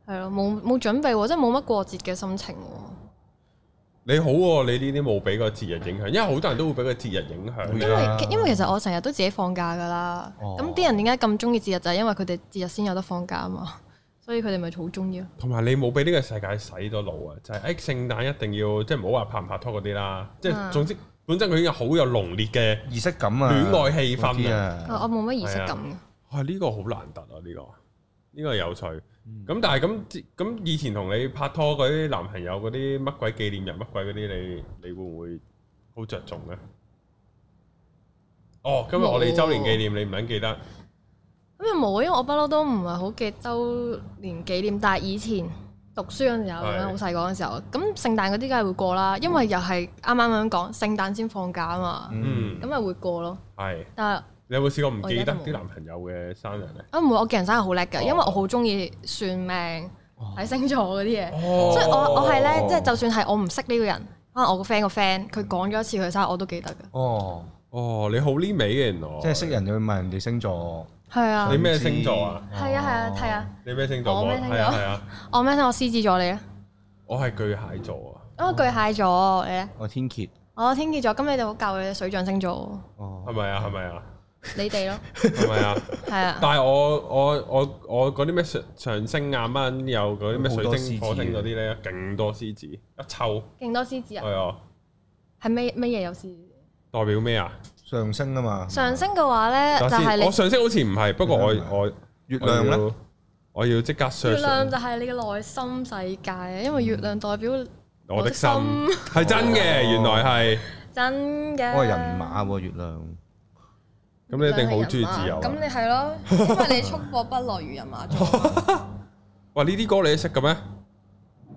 係咯，冇冇準備喎，即係冇乜過節嘅心情喎。你好喎、啊，你呢啲冇俾個節日影響，因為好多人都會俾個節日影響。因為、啊、因為其實我成日都自己放假噶啦，咁啲、哦、人點解咁中意節日就係、係、因為佢哋節日先有得放假啊嘛，所以佢哋咪好中意咯。同埋你冇俾呢個世界洗咗腦啊，就係、係、誒聖誕一定要即係唔好話拍唔拍拖嗰啲啦，嗯、即係總之本身佢已經好有濃烈嘅儀式感啊，戀愛氣氛啊。嗯、我冇乜儀式感嘅。啊，呢、呢個好難得啊，呢、呢個呢、呢個有趣。咁但係咁咁，以前同你拍拖嗰啲男朋友嗰啲，乜鬼紀念日乜鬼嗰啲，你你會唔會好著重咧？哦，今日我哋周年紀念你唔肯記得。咁又冇，因為我不嬲都唔係好記周年紀念，但係以前讀書嗰陣時候，好細個嗰陣時候，咁聖誕嗰啲梗係會過啦，因為又係啱啱咁樣講，聖誕先放假啊嘛，嗯，咁咪會過咯。係。你有冇試過唔記得啲男朋友嘅生日咧？啊唔會，我記人生日好叻嘅，因為我好中意算命睇星座嗰啲嘢，所以我我係咧，即係就算係我唔識呢個人，可能我個 friend 個 friend 佢講咗一次佢生日，我都記得嘅。哦哦，你好呢味嘅人來，即係識人就問人哋星座。係啊。你咩星座啊？係啊係啊係啊。你咩星座？我咩星座？係啊。我咩星？我獅子座你啊。我係巨蟹座啊。哦，巨蟹座你咧？我天蠍，我天蠍座，咁你哋好舊嘅水象星座。哦，係咪啊？係咪啊？你哋咯，係咪啊？係啊！但係我我我我嗰啲咩上上升啊，乜有嗰啲咩水星、火星嗰啲咧，勁多獅子一抽，勁多獅子啊！係啊！係咩咩嘢有獅子？代表咩啊？上升啊嘛！上升嘅話咧，就係你，上升好似唔係，不過我我月亮咧，我要即刻上。月亮就係你嘅內心世界，因為月亮代表我的心，係真嘅，原來係真嘅。我係人馬喎，月亮。咁你一定好中意自由。咁你係咯，因為你粗獷不來於人馬座。哇！呢啲歌你都識嘅咩？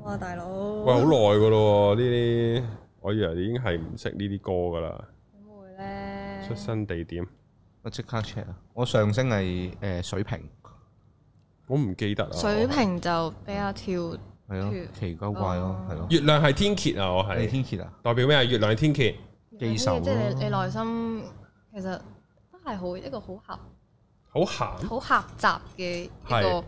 哇，大佬！喂，好耐噶咯，呢啲我以為你已經係唔識呢啲歌噶啦。點會咧？出生地點？我即刻 check 啊！我上升係誒水瓶，我唔記得啦。水瓶就比較跳，係咯，奇古怪咯，係咯。月亮係天蠍啊，我係。你係天蠍啊？代表咩啊？月亮係天蠍，記仇咯。即係你你內心其實。係好一個好合，好狹鹹，好狹窄嘅一個，是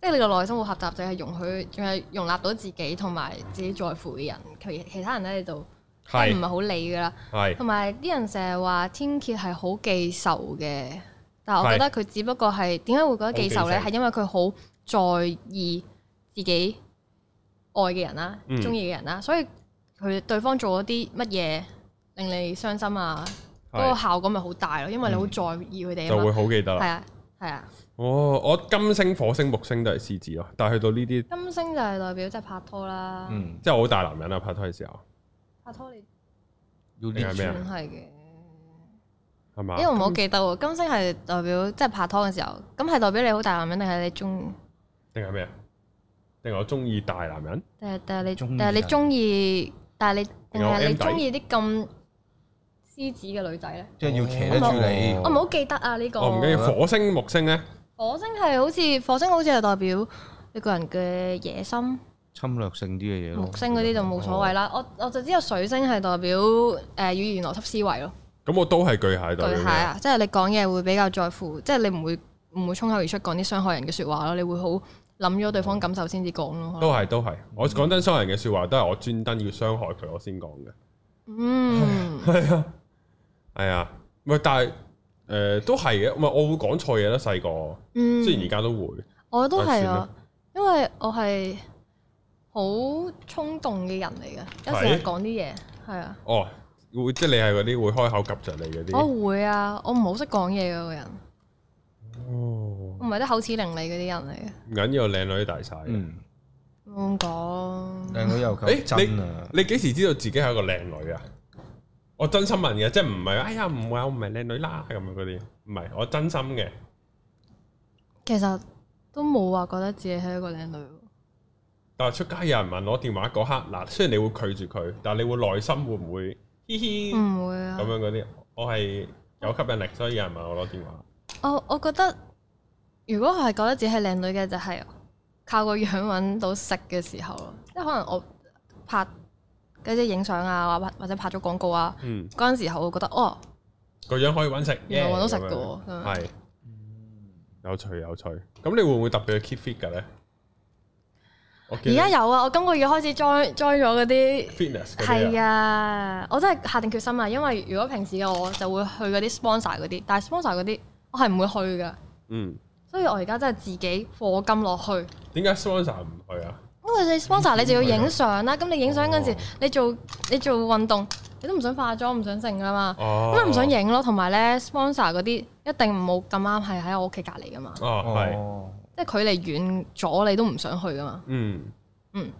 即係你個內心好狹窄，就係、是、容許，仲係容納到自己同埋自己在乎嘅人，其其他人咧你就，都唔係好理噶啦。係，同埋啲人成日話天蠍係好記仇嘅，但係我覺得佢只不過係點解會覺得記仇咧？係因為佢好在意自己愛嘅人啦，中意嘅人啦，所以佢對方做咗啲乜嘢令你傷心啊？個是效果咪好大咯，因為你好在意佢哋，嗯，就會好記得啦。係啊，係啊。哦，我金星、火星、木星都係獅子咯，但係去到呢啲金星就係代表即係，就是、拍拖啦。嗯，即係我好大男人啦，啊，拍拖嘅時候。拍拖你要啲係咩？係嘅，係嘛？因為吧我冇記得喎，金，金星係代表即係，就是、拍拖嘅時候，咁係代表你好大男人定係你中意？定係咩？定係我中意大男人？定係定係你？定係你中意？但係歡你定係你中意啲咁？獅子嘅女仔咧，即係要騎得住你。我唔好記得啊！呢、這個我唔記得。火星木星咧，火星係好似火星好似係代表一個人嘅野心、侵略性啲嘅嘢。木星嗰啲就冇所謂啦。哦、我我就知道水星係代表誒、呃、語言邏輯思維咯。咁我都係巨蟹對巨蟹啊！即、就、係、是、你講嘢會比較在乎，即、就、係、是、你唔會唔會衝口而出講啲傷害人嘅説話咯。你會好諗咗對方感受先至講咯。都係都係，我講真傷害人嘅説話都係我專登要傷害佢我先講嘅。嗯，係啊。係啊，唔係但係，誒都係嘅，唔係我會講錯嘢啦，細個，雖然而家都會，我都係啊，因為我係好衝動嘅人嚟嘅，一時講啲嘢，係啊，哦，會即係你係嗰啲會開口及着你嗰啲，我會啊，我唔好識講嘢嘅個人，哦，唔係得口齒伶俐嗰啲人嚟嘅，唔緊要，靚女大晒，唔講，靚女又夠真啊，你幾時知道自己係一個靚女啊？我真心問嘅，即係唔係？哎呀，唔會，我唔係靚女啦咁樣嗰啲，唔係我真心嘅。其實都冇話覺得自己係一個靚女。但係出街有人問我電話嗰刻，嗱，雖然你會拒絕佢，但係你會內心會唔會？嘻嘻，唔會啊。咁樣嗰啲，我係有吸引力，所以有人問我攞電話。我我覺得，如果我係覺得自己係靚女嘅，就係靠個樣揾到食嘅時候咯。即係可能我拍。跟住影相啊，或或者拍咗廣告啊，嗰陣、嗯、時候覺得哦，個樣可以揾食，揾到食嘅。係有趣有趣。咁你會唔會特別去 keep fit 嘅咧？而家有啊，我今個月開始 join join 咗嗰啲 fitness，係啊，啊，我真係下定決心啊，因為如果平時嘅我就會去嗰啲 sponsor 嗰啲，但 sponsor 嗰啲我係唔會去嘅。嗯，所以我而家真係自己課金落去。點解 sponsor 唔去啊？因為你 sponsor 你就要影相啦，咁你影相嗰陣時，你做你做運動，你都唔想化妝唔想剩噶嘛，咁啊唔想影咯，同埋咧 sponsor 嗰啲一定唔好咁啱係喺我屋企隔籬噶嘛，即係距離遠咗你都唔想去噶嘛，嗯嗯，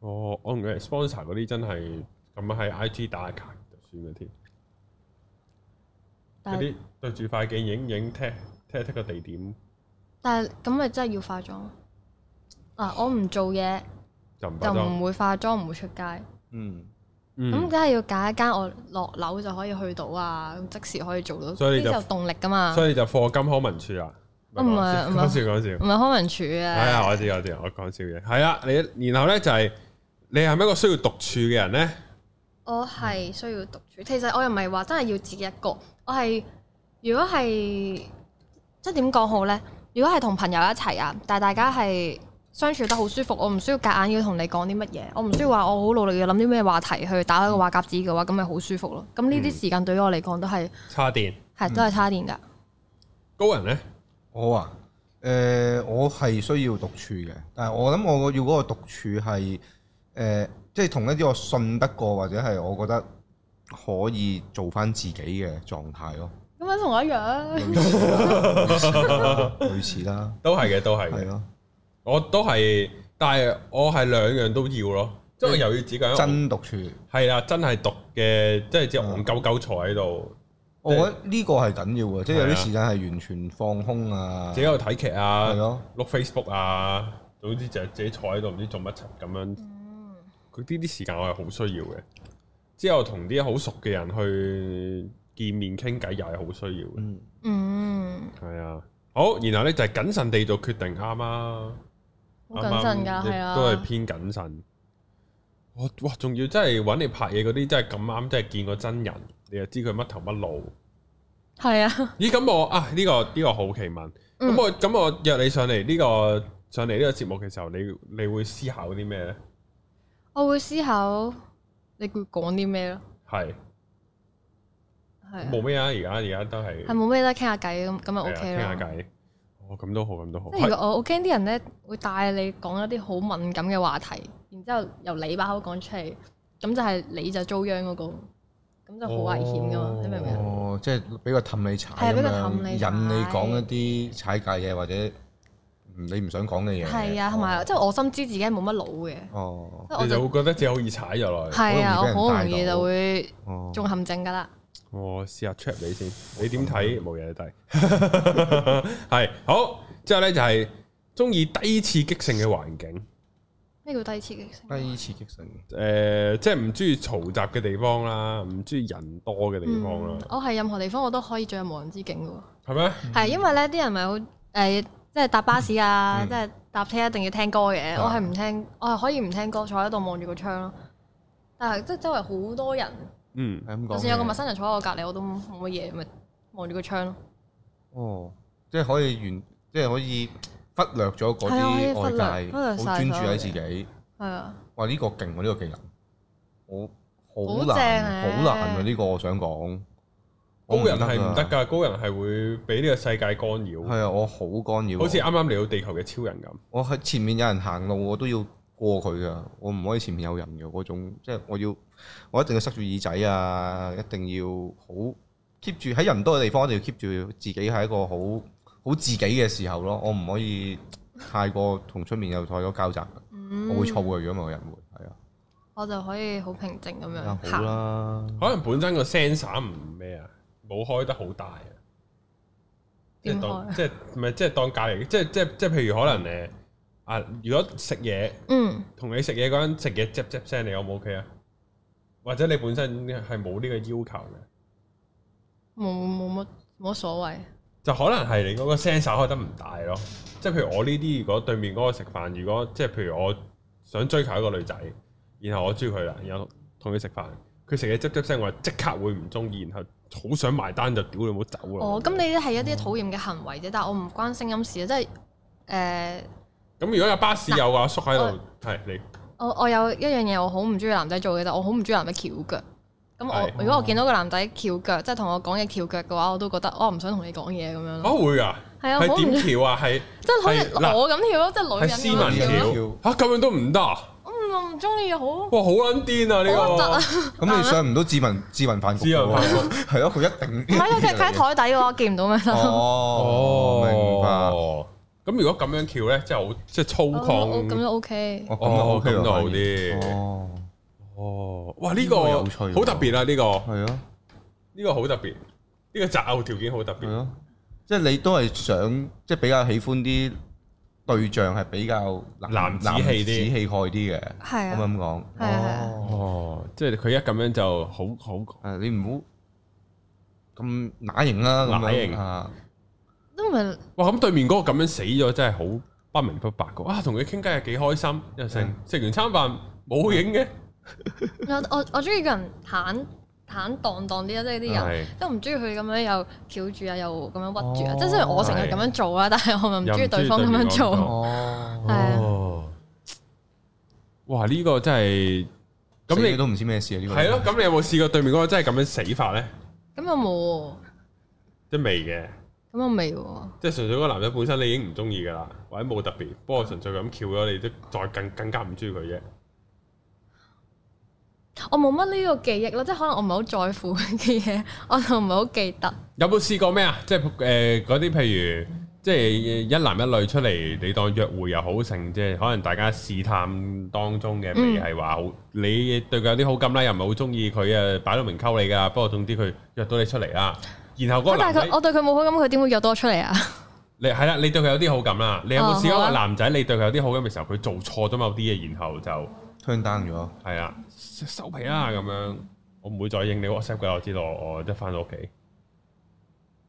哦，我唔記得 sponsor 嗰啲真係咁樣喺 I G 打卡就算嘅添，嗰啲對住快鏡影影 take take take 個地點，但係咁咪真係要化妝。啊！我唔做嘢，就唔會化妝，唔會出街。嗯，咁梗係要揀一間我落樓就可以去到啊，咁即時可以做到。所以就有動力噶嘛。所以就課金康文署啊。唔係唔係講笑講笑，唔係康文署啊。係啊，我知我知，我講笑嘢。係啊，你然後咧就係、是、你係咪一個需要獨處嘅人咧？我係需要獨處。其實我又唔係話真係要自己一個。我係如果係即點講好咧？如果係同、就是、朋友一齊啊，但係大家係。相處得好舒服，我唔需要夾硬要同你講啲乜嘢，我唔需要話我好努力要諗啲咩話題去打開個話匣子嘅話，咁咪好舒服咯。咁呢啲時間對於我嚟講都係插電，係點都係插電㗎。高人呢？我啊，誒、呃，我係需要獨處嘅，但係我諗我要嗰個獨處係即係同一啲我信得過或者係我覺得可以做翻自己嘅狀態咯。咁樣同我一樣， (laughs) (laughs) 類似啦，都係嘅，都係咯。我都係，但係我係兩樣都要咯，即係又要隻狗真獨處係啦、嗯，真係獨嘅，即係隻黃狗狗坐喺度。我覺得呢個係緊要嘅，即係有啲時間係完全放空啊，啊自己度睇劇啊，係咯，碌 Facebook 啊，總之就自己坐喺度唔知做乜柒咁樣。佢呢啲時間我係好需要嘅。之後同啲好熟嘅人去見面傾偈又係好需要嘅。嗯，係啊，好，然後咧就係謹慎地做決定啱啊。謹慎噶，係啊，都係偏謹慎。我哇，仲要真係揾你拍嘢嗰啲，真係咁啱，真係見過真人，你又知佢乜頭乜路。係啊。咦，咁我啊呢、這個呢、這個好奇問，咁、嗯、我咁我約你上嚟呢、這個上嚟呢個節目嘅時候，你你會思考啲咩咧？我會思考你，你會講啲咩咯？係係冇咩啊！而家而家都係係冇咩啦，傾下偈咁咁咪 O K 傾下偈。哦，咁都好，咁都好。即係如果我我驚啲人咧會帶你講一啲好敏感嘅話題，然之後由你把口講出嚟，咁就係你就遭殃嗰個，咁就好危險噶嘛，你明唔明？哦，即係俾個氹你踩，係俾個氹你引你講一啲踩界嘢或者你唔想講嘅嘢。係啊，同埋即係我心知自己冇乜腦嘅，哦、我就你就會覺得自己好易踩入來。係啊，我好容易就會中陷阱噶啦。哦我試下 check 你先，你點睇？冇嘢睇。係、嗯、 (laughs) 好，之後咧就係中意低刺激性嘅環境。咩叫低刺激性？低刺激性誒，即係唔中意嘈雜嘅地方啦，唔中意人多嘅地方啦，嗯。我係任何地方我都可以進入無人之境嘅，係咩嗎？係因為咧啲人咪好誒，即係搭巴士啊，即係搭車一定要聽歌嘅。嗯，我係唔聽，我係可以唔聽歌，坐喺度望住個窗咯。但係即係周圍好多人。.嗯，係咁講。就算有個陌生人坐喺我隔籬，我都冇乜嘢，咪望住個窗咯。哦，即係可以完，即係可以忽略咗嗰啲外界，好專注喺自己。係、嗯這個、啊。哇，呢個勁喎，呢個技能，我好難，好、正啊、難啊！呢、這個我想講，高人係唔得噶，高人係會俾呢個世界干擾。係、嗯、啊，我干擾好干擾。好似啱啱嚟到地球嘅超人咁。我喺前面有人行路，我都要過佢噶，我唔可以前面有人嘅嗰種，即係、就是、我要。我一定要塞住耳仔啊！一定要好 keep 住喺人多嘅地方，一定要 keep 住自己係一個好好自己嘅時候咯。我唔可以太過同出面又太多交集，我會錯會樣啊！如果我人會係啊，我就可以好平靜咁樣。好啦，可能本身個 sensor 唔咩啊，冇開得好大啊，即係當即係唔係即係當隔籬，即係即係即係譬如可能誒啊，如果食嘢，嗯，同你食嘢嗰陣食嘢，zap zap 聲你，我唔 OK 啊？或者你本身係冇呢個要求嘅，冇冇乜冇所謂。就可能係你嗰個聲沙開得唔大咯。即係譬如我呢啲，如果對面嗰個食飯，如果即係譬如我想追求一個女仔，然後我中意佢啦，然後同佢食飯，佢成日執執聲，我即刻會唔中意，然後好想埋單就屌你冇走咯。哦，咁你啲係一啲討厭嘅行為啫，哦、但係我唔關聲音事即係誒。咁、呃、如果有巴士、呃、有個阿叔喺度係你。我，我有一樣嘢我好唔中意男仔做嘅，就我好唔中意男仔翹腳。咁我如果我見到個男仔翹腳，即係同我講嘢翹腳嘅話，我都覺得我唔想同你講嘢咁樣咯。嚇，會啊！係啊，點翹啊？係即係我咁翹咯，即係女人咁樣。嚇，咁樣都唔得啊！嗯，我唔中意好。哇，好撚癲啊呢個！咁你上唔到智文，智文飯局。智文飯局係咯，佢一定唔係佢企喺台底喎，見唔到咩？哦，明白。咁如果咁樣叫咧，即係好，即係粗獷。咁都 OK。哦，咁都好啲。哦，哦，哇！呢個好特別啊！呢個係啊，呢個好特別，呢個擇偶條件好特別。係咯，即係你都係想，即係比較喜歡啲對象係比較男男子氣啲。男子氣概啲嘅。係咁樣講。哦，即係佢一咁樣就好好，誒，你唔好咁乸型啦，乸型啊。哇！咁對面嗰個咁樣死咗，真係好不明不白噶。啊，同佢傾偈係幾開心，一陣食完餐飯冇影嘅。我我中意個人坦坦蕩蕩啲咯，即係啲人都唔中意佢咁樣又翹住啊，又咁樣屈住啊。即係雖然我成日咁樣做啦，但係我咪唔中意對方咁樣做。哦，哇！呢個真係咁你都唔知咩事啊？呢個係咯。咁你有冇試過對面嗰個真係咁樣死法咧？咁又冇，即係未嘅。咁我未喎。啊，即係純粹嗰個男仔本身你已經唔中意噶啦，或者冇特別，不過純粹咁撬咗你，都再更更加唔中意佢啫。我冇乜呢個記憶咯，即係可能我唔係好在乎嘅嘢，我就唔係好記得。有冇試過咩啊？即係誒嗰啲譬如，即係一男一女出嚟，你當約會又好，成即係可能大家試探當中嘅譬如係話好，嗯、你對佢有啲好感啦，又唔係好中意佢啊，擺到明溝你噶，不過總之佢約到你出嚟啦。然後嗰個男，啊、我對佢冇好感，佢、啊、點會約多出嚟啊？你係啦、哦，你對佢有啲好感啦，你有冇試過男仔你對佢有啲好感嘅時候，佢做錯咗某啲嘢，然後就 turn down 咗。係啊，收皮啦咁樣，我唔會再應你 WhatsApp 嘅，我知道我一翻到屋企。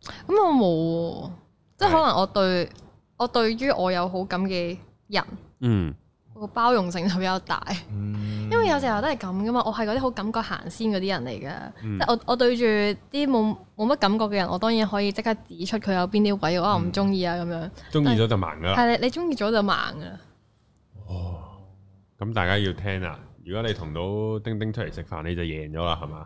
咁我冇，是即係可能我對我對於我有好感嘅人，嗯。個包容性就比較大，因為有時候都係咁噶嘛。我係嗰啲好感覺行先嗰啲人嚟嘅。嗯、即係我我對住啲冇冇乜感覺嘅人，我當然可以即刻指出佢有邊啲位、嗯、我唔中意啊咁樣。中意咗就盲噶啦。係你中意咗就盲噶啦。哦，咁大家要聽啦。如果你同到丁丁出嚟食飯，你就贏咗啦，係嘛？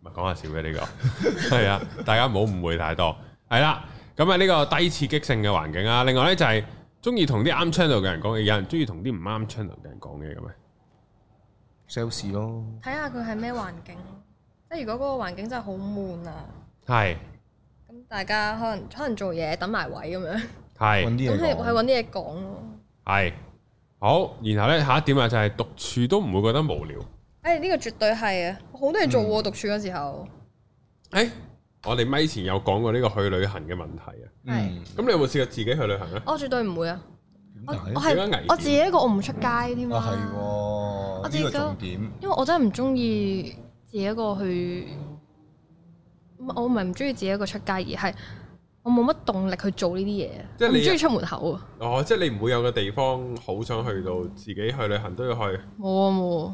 唔係講下笑嘅呢、呢個。係啊，大家唔好誤會太多。係啦，咁啊呢個低刺激性嘅環境啦。另外咧就係、係。中意同啲啱 channel 嘅人講嘢，有人中意同啲唔啱 channel 嘅人講嘢嘅咩？sales 咯，睇下佢係咩環境。即如果嗰個環境真係好悶啊，係、嗯。咁大家可能可能做嘢等埋位咁樣，係是。咁係去揾啲嘢講咯。係好，然後咧下一點啊，就係獨處都唔會覺得無聊。誒呢、欸這個絕對係啊！好多嘢做喎，獨處嘅時候。誒、欸。我哋咪前有講過呢個去旅行嘅問題啊！係咁，你有冇試過自己去旅行咧？我絕對唔會啊！我係我自己一個，我唔出街添啊！係呢個重點，因為我真係唔中意自己一個去。我唔係唔中意自己一個出街，而係我冇乜動力去做呢啲嘢啊！唔中意出門口啊！哦，即係你唔會有個地方好想去到，自己去旅行都要去？冇啊冇。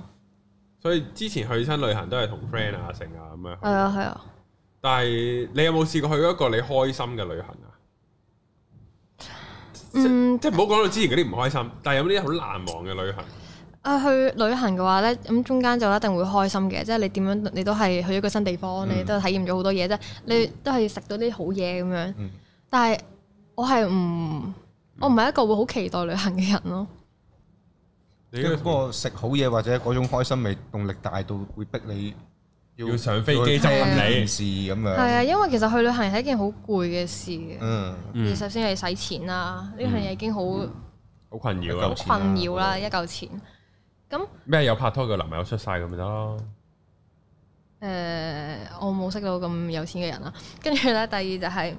所以之前去親旅行都係同 friend 啊、成啊咁樣。係啊係啊。但係你有冇試過去一個你開心嘅旅行啊？嗯，即係唔好講到之前嗰啲唔開心，但係有啲好難忘嘅旅行啊？去旅行嘅話咧，咁中間就一定會開心嘅，即係你點樣你都係去咗個新地方，你都體驗咗好多嘢啫，你都係食到啲好嘢咁樣。嗯、但係我係唔，我唔係一個會好期待旅行嘅人咯。你嗰、嗯嗯、個食好嘢或者嗰種開心咪動力大到會逼你？要上飛機執行李咁樣，係啊，因為其實去旅行係一件好攰嘅事嘅，嗯，而首先係使錢啦，呢樣嘢已經好好困擾啦，好困擾啦，一嚿錢。咁咩那有拍拖嘅男朋友出晒咁咪得？誒、嗯，我冇識到咁有錢嘅人啦。跟住咧，第二就係、是、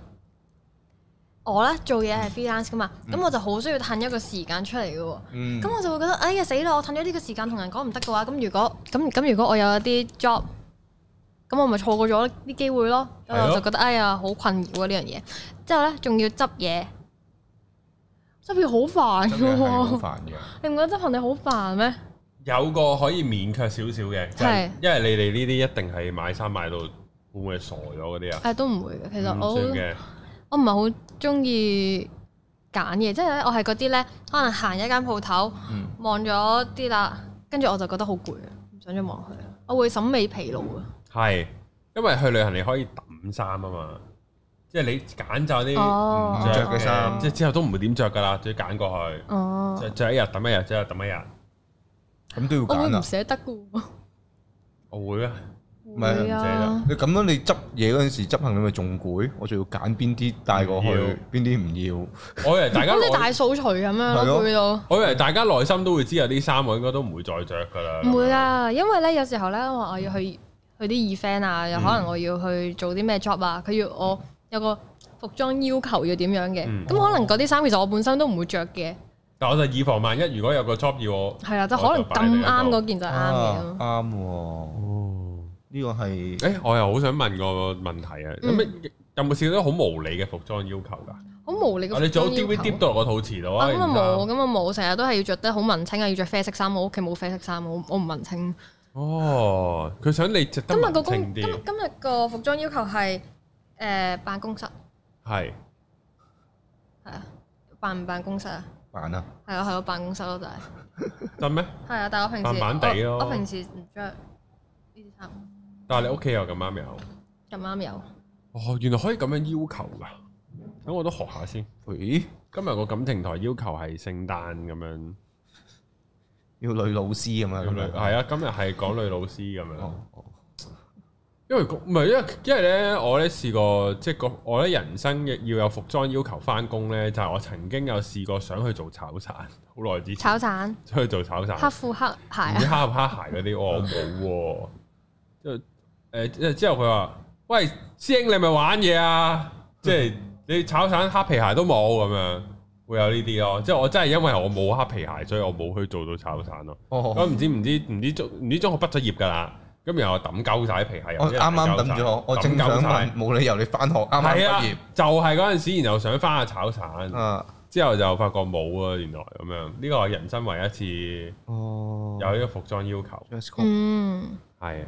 我咧做嘢係 freelance 噶嘛，咁、嗯、我就好需要騰一個時間出嚟嘅喎。咁、嗯、我就會覺得，哎呀死咯！我騰咗呢個時間同人講唔得嘅話，咁如果咁咁，如果，如果我有一啲 job。咁我咪錯過咗啲機會咯，的咁我就覺得哎呀好困擾啊呢樣嘢。之後咧仲要執嘢，執嘢好煩喎、啊。煩你唔覺得執行你好煩咩？有個可以勉強少少嘅，即係、是因為你哋呢啲一定係買衫買到會唔會傻咗嗰啲啊？誒，都唔會嘅，其實我我唔係好中意揀嘢，即係咧我係嗰啲咧，可能行一間鋪頭，望咗啲啦，跟住我就覺得好攰啊，唔想再望佢啊，我會審美疲勞啊。係，因為去旅行你可以揼衫啊嘛，即係你揀就啲唔着嘅衫，即係之後都唔會點着噶啦，就要揀過去。哦，即係着一日揼一日，之後揼一日，咁都要揀，唔捨得噶。我會啊，唔係唔捨得。你咁樣你執嘢嗰陣時執行你咪仲攰，我仲要揀邊啲帶過去，邊啲唔要。我以為大家好似大掃除咁樣去到。我以為大家內心都會知有啲衫我應該都唔會再着噶啦。唔會啊，因為咧有時候咧，我話我要去。佢啲 event 啊，又可能我要去做啲咩 job 啊，佢要我有個服裝要求要點樣嘅，咁可能嗰啲衫其實我本身都唔會着嘅。但我就以防萬一，如果有個 job 要我，係啦，就可能咁啱嗰件就啱嘅。啱喎，呢個係，誒，我又好想問個問題啊，有冇少過啲好無理嘅服裝要求㗎？好無理嘅，你做 dvd dud 嘅肚池度咁啊冇，咁啊冇，成日都係要着得好文青啊，要着啡色衫，我屋企冇啡色衫，我唔文青。哦，佢想你今日個工今日個服裝要求係誒、呃、辦公室係係啊辦唔辦公室啊辦啊係啊係個辦公室咯就係、是、真咩係啊，但我平時我我平時唔着呢啲衫，但係你屋、OK、企、啊、有咁啱有咁啱有哦，原來可以咁樣要求噶、啊，咁我都學下先。咦、欸，今日個感情台要求係聖誕咁樣。要女老師咁樣，係啊，今日係講女老師咁樣，哦哦因。因為唔係，因為因為咧，我咧試過，即、就、係、是、我我咧人生嘅要有服裝要求返工咧，就是、我曾經有試過想去做炒散，好耐之前。炒散。想去做炒散。黑褲黑鞋。啲唔黑，黑鞋嗰啲我冇喎。誒、 (laughs) 哦哦呃，之後佢話，喂，師兄，你係咪玩嘢啊？即係 (laughs) 你炒散黑皮鞋都冇咁樣。會有呢啲咯，即係我真係因為我冇黑皮鞋，所以我冇去做到炒散咯。咁唔、哦、知唔知唔知中唔知中學，我畢咗業噶啦，咁然後抌鳩晒啲皮鞋。我啱啱抌咗，我整鳩晒。冇理由你返學啱啱畢業，啊、就係嗰陣時，然後想返下炒散。啊、之後就發覺冇啊，原來咁樣呢個係人生唯一一次有呢個服裝要求。嗯，係、啊。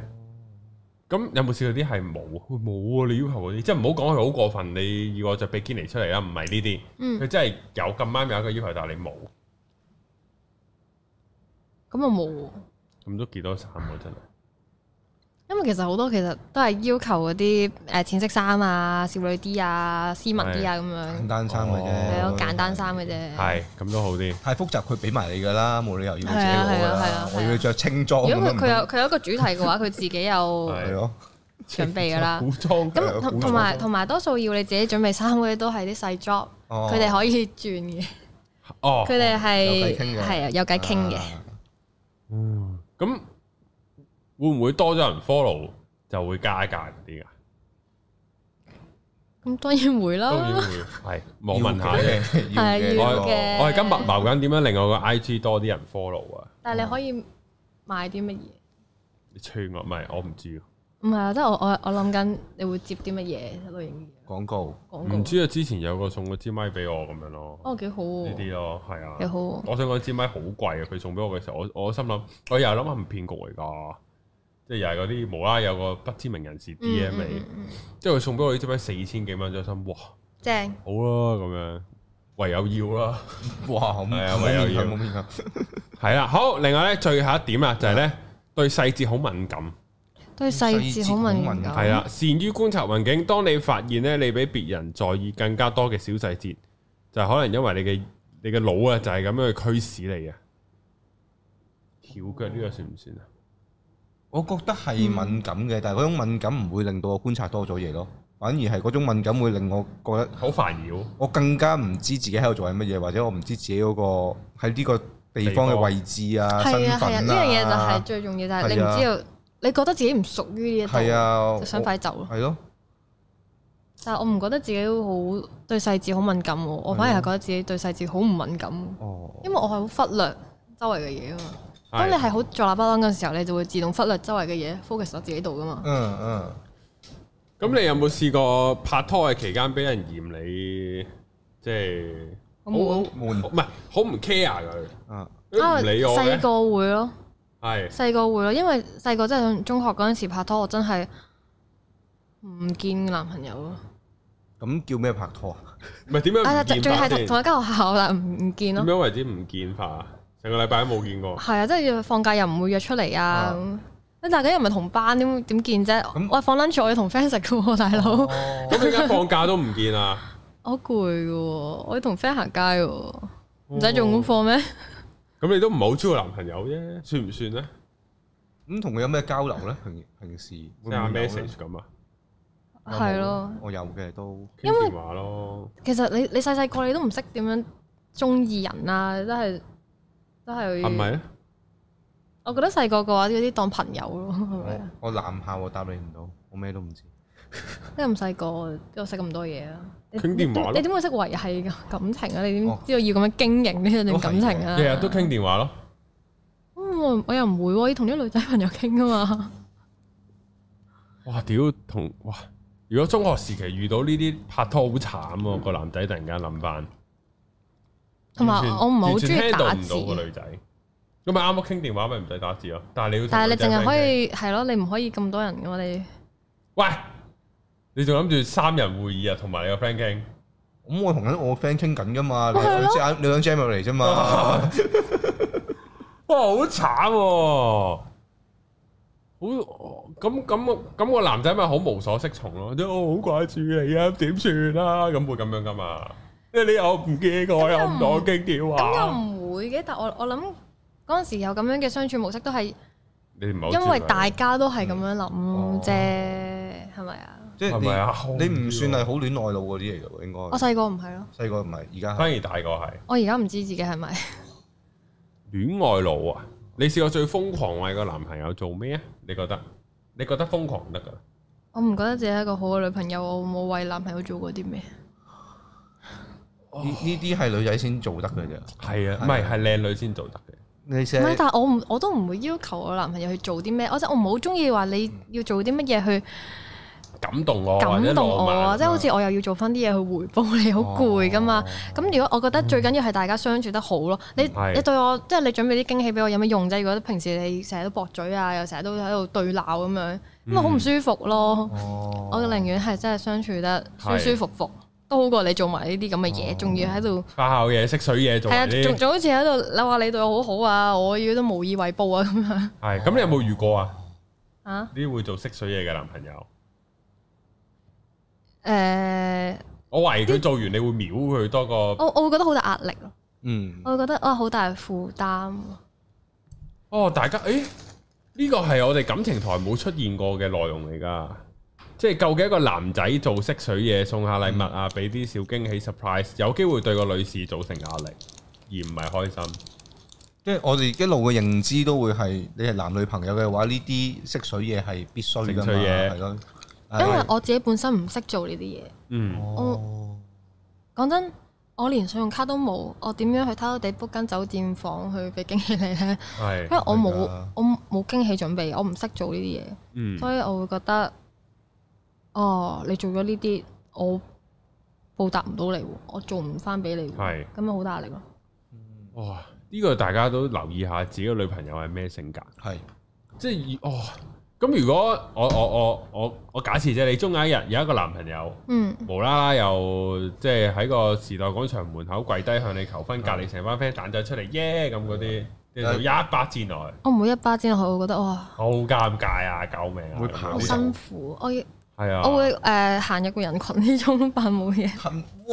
咁有冇試過啲係冇？冇喎、嗯，你要求嗰啲，即係唔好講佢好過分。你要我就比堅尼出嚟啦，唔係呢啲。佢真係有咁啱有一個要求，但係你冇，咁又冇。咁都幾多散喎，真係。因為其實好多其實都係要求嗰啲誒，淺色衫啊、少女啲啊、斯文啲啊咁樣，簡單衫嘅啫，係咯，簡單衫嘅啫，係咁都好啲。太複雜佢俾埋你噶啦，冇理由要自啊，好啊，我要着青裝。如果佢佢有佢有一個主題嘅話，佢自己有係咯準備噶啦。古裝咁同埋，同埋多數要你自己準備衫嗰啲都係啲細 job，佢哋可以轉嘅。哦，佢哋係係啊，有偈傾嘅。嗯，咁。會唔會多咗人 follow 就會加價啲噶？咁當然會啦，當然會，係網問下嘅。係嘅，我係今日謀緊點樣令我個 I G 多啲人 follow 啊？但係你可以買啲乜嘢？你吹我咪？我唔知。唔係，即係我我我諗緊你會接啲乜嘢類型嘅廣告？唔知啊。之前有個送個支咪俾我咁樣咯，哦，幾好呢啲咯，係啊，幾好。我想講支咪好貴啊！佢送俾我嘅時候，我我心諗，我又諗下唔騙局嚟噶。即係又係嗰啲無啦，有個不知名人士 D M 你、嗯，嗯嗯、即係佢送俾我呢隻咩？四千幾蚊？張心哇，正好咯咁樣，唯有要啦。哇，好係啊，唯有要冇變係啦，好。另外咧，最後一點啊，就係咧，對細節好敏感，對細節好敏感係啦，善於觀察環境。當你發現咧，你比別人在意更加多嘅小細節，就係，可能因為你嘅你嘅腦啊，就係咁樣去驅使你嘅。小腳呢個算唔算啊？我覺得係敏感嘅，但係嗰種敏感唔會令到我觀察多咗嘢咯，反而係嗰種敏感會令我覺得好煩擾。我更加唔知自己喺度做緊乜嘢，或者我唔知自己嗰個喺呢個地方嘅位置啊，地方、身份啦、啊。呢樣嘢就係最重要，就係你唔知道，啊、你覺得自己唔屬於呢一度啊，就想快走咯。係咯，啊、但係我唔覺得自己好對細節好敏感喎，我反而係覺得自己對細節好唔敏感。哦，因為我係好忽略周圍嘅嘢啊嘛。當你係好坐立不安嘅時候，你就會自動忽略周圍嘅嘢，focus 喺自己度噶嘛。嗯嗯。咁你有冇試過拍拖嘅期間俾人嫌你，即係好唔係好唔 care 佢。嗯。啊，細個會咯。係。細個會咯，因為細個真係中學嗰陣時拍拖，我真係唔見男朋友咯。咁叫咩拍拖啊？唔係點樣嫌？仲係同一間學校啦，唔唔見咯。點樣為之唔見法？成個禮拜都冇見過，係啊，即、就、係、是、放假又唔會約出嚟啊！咁大家又唔係同班，點點見啫、嗯？我放 lunch 我要同 friend 食噶，大佬、哦。咁點解放假都唔見 (laughs) 啊？好攰噶，我要同 friend 行街、啊，唔使、哦、做功課咩？咁、哦、你都唔好追個男朋友啫，算唔算咧？咁同佢有咩交流咧？平平時 message 咁啊？係對咯，我有嘅都。因為，因為其實你你細細個你都唔識點樣中意人啊，真係。係咪咧？是是啊、我覺得細個嘅話，啲當朋友咯，係咪啊？ (laughs) 我男校，我答你唔到，我咩都唔知。咁細個又識咁多嘢啊？傾電話，你點會識維繫感情啊？你點知道要咁樣經營呢一段感情啊？日日都傾電話咯、嗯。我又唔會，要同啲女仔朋友傾㗎嘛。哇！屌，同哇！如果中學時期遇到呢啲拍拖慘，好慘啊！個男仔突然間諗翻。同埋我唔不係字好中意打字，咁咪啱啱傾電話，咪唔使打字咯。但係你要，但係你淨係可以係咯天，你唔可以咁多人嘅嘛。你喂，你仲諗住三人會議啊？同埋你個 friend 傾，咁我同緊我 friend 傾緊噶嘛？你兩隻眼，你兩入嚟啫嘛？哇，好慘喎！好咁咁咁個男仔咪好無所適從咯，即我好掛住你啊，點算啊？咁會咁樣噶嘛？即係你又唔記佢，又唔記電話。咁又唔會嘅，但我我諗嗰陣時有咁樣嘅相處模式都係，你因為大家都係咁樣諗啫，係咪、嗯哦、啊？即係係啊？你唔算係好戀愛腦嗰啲嚟嘅應該。我細個唔係咯，細個唔係，而家反而大個係。我而家唔知自己係咪戀愛腦啊？你試過最瘋狂為個男朋友做咩啊？你覺得你覺得瘋狂得噶？我唔覺得自己係一個好嘅女朋友，我冇為男朋友做過啲咩。呢啲係女仔先做得嘅啫，係啊，唔係係靚女先做得嘅。唔係，但係我唔我都唔會要求我男朋友去做啲咩，我即我唔好中意話你要做啲乜嘢去感動我，感動我，即係好似我又要做翻啲嘢去回報你好攰噶嘛。咁如果我覺得最緊要係大家相處得好咯，你你對我即係你準備啲驚喜俾我有乜用啫？如果平時你成日都駁嘴啊，又成日都喺度對鬧咁樣，咁咪好唔舒服咯。我寧願係真係相處得舒舒服服。都好過你做埋呢啲咁嘅嘢，仲要喺度發姣嘢、識水嘢做呢啲，仲仲好似喺度你話你對我好好啊，我要都無以為報啊咁樣。係，咁你有冇遇過啊？啊！呢啲會做識水嘢嘅男朋友。誒，我懷疑佢做完你會秒佢多個。我我會覺得好大壓力咯。嗯。我會覺得啊，好大負擔。哦，大家，誒，呢個係我哋感情台冇出現過嘅內容嚟噶。即係究竟一個男仔做識水嘢送下禮物啊，俾啲、嗯、小驚喜 surprise，有機會對個女士造成壓力，而唔係開心。即係我哋一路嘅認知都會係，你係男女朋友嘅話，呢啲識水嘢係必須嘅嘛，係因為我自己本身唔識做呢啲嘢，嗯，我講真，我連信用卡都冇，我點樣去偷偷地 book 間酒店房去俾驚喜你呢？的因為我冇的我冇驚喜準備，我唔識做呢啲嘢，嗯、所以我會覺得。哦，你做咗呢啲，我報答唔到你，我做唔翻俾你，係咁咪好大壓力咯。哇、哦！呢個大家都留意下自己嘅女朋友係咩性格？係是即係哦。咁如果我我我我我假設啫，你中間一日有一個男朋友，嗯，無啦啦又即係喺個時代廣場門口跪低向你求婚，隔離成班 friend 彈咗出嚟是耶，咁嗰啲，即係一百之內。的我唔會一巴之內，我覺得哇，好尷尬啊！救命，好辛苦，我係啊，我會誒行入個人群呢種扮冇嘢。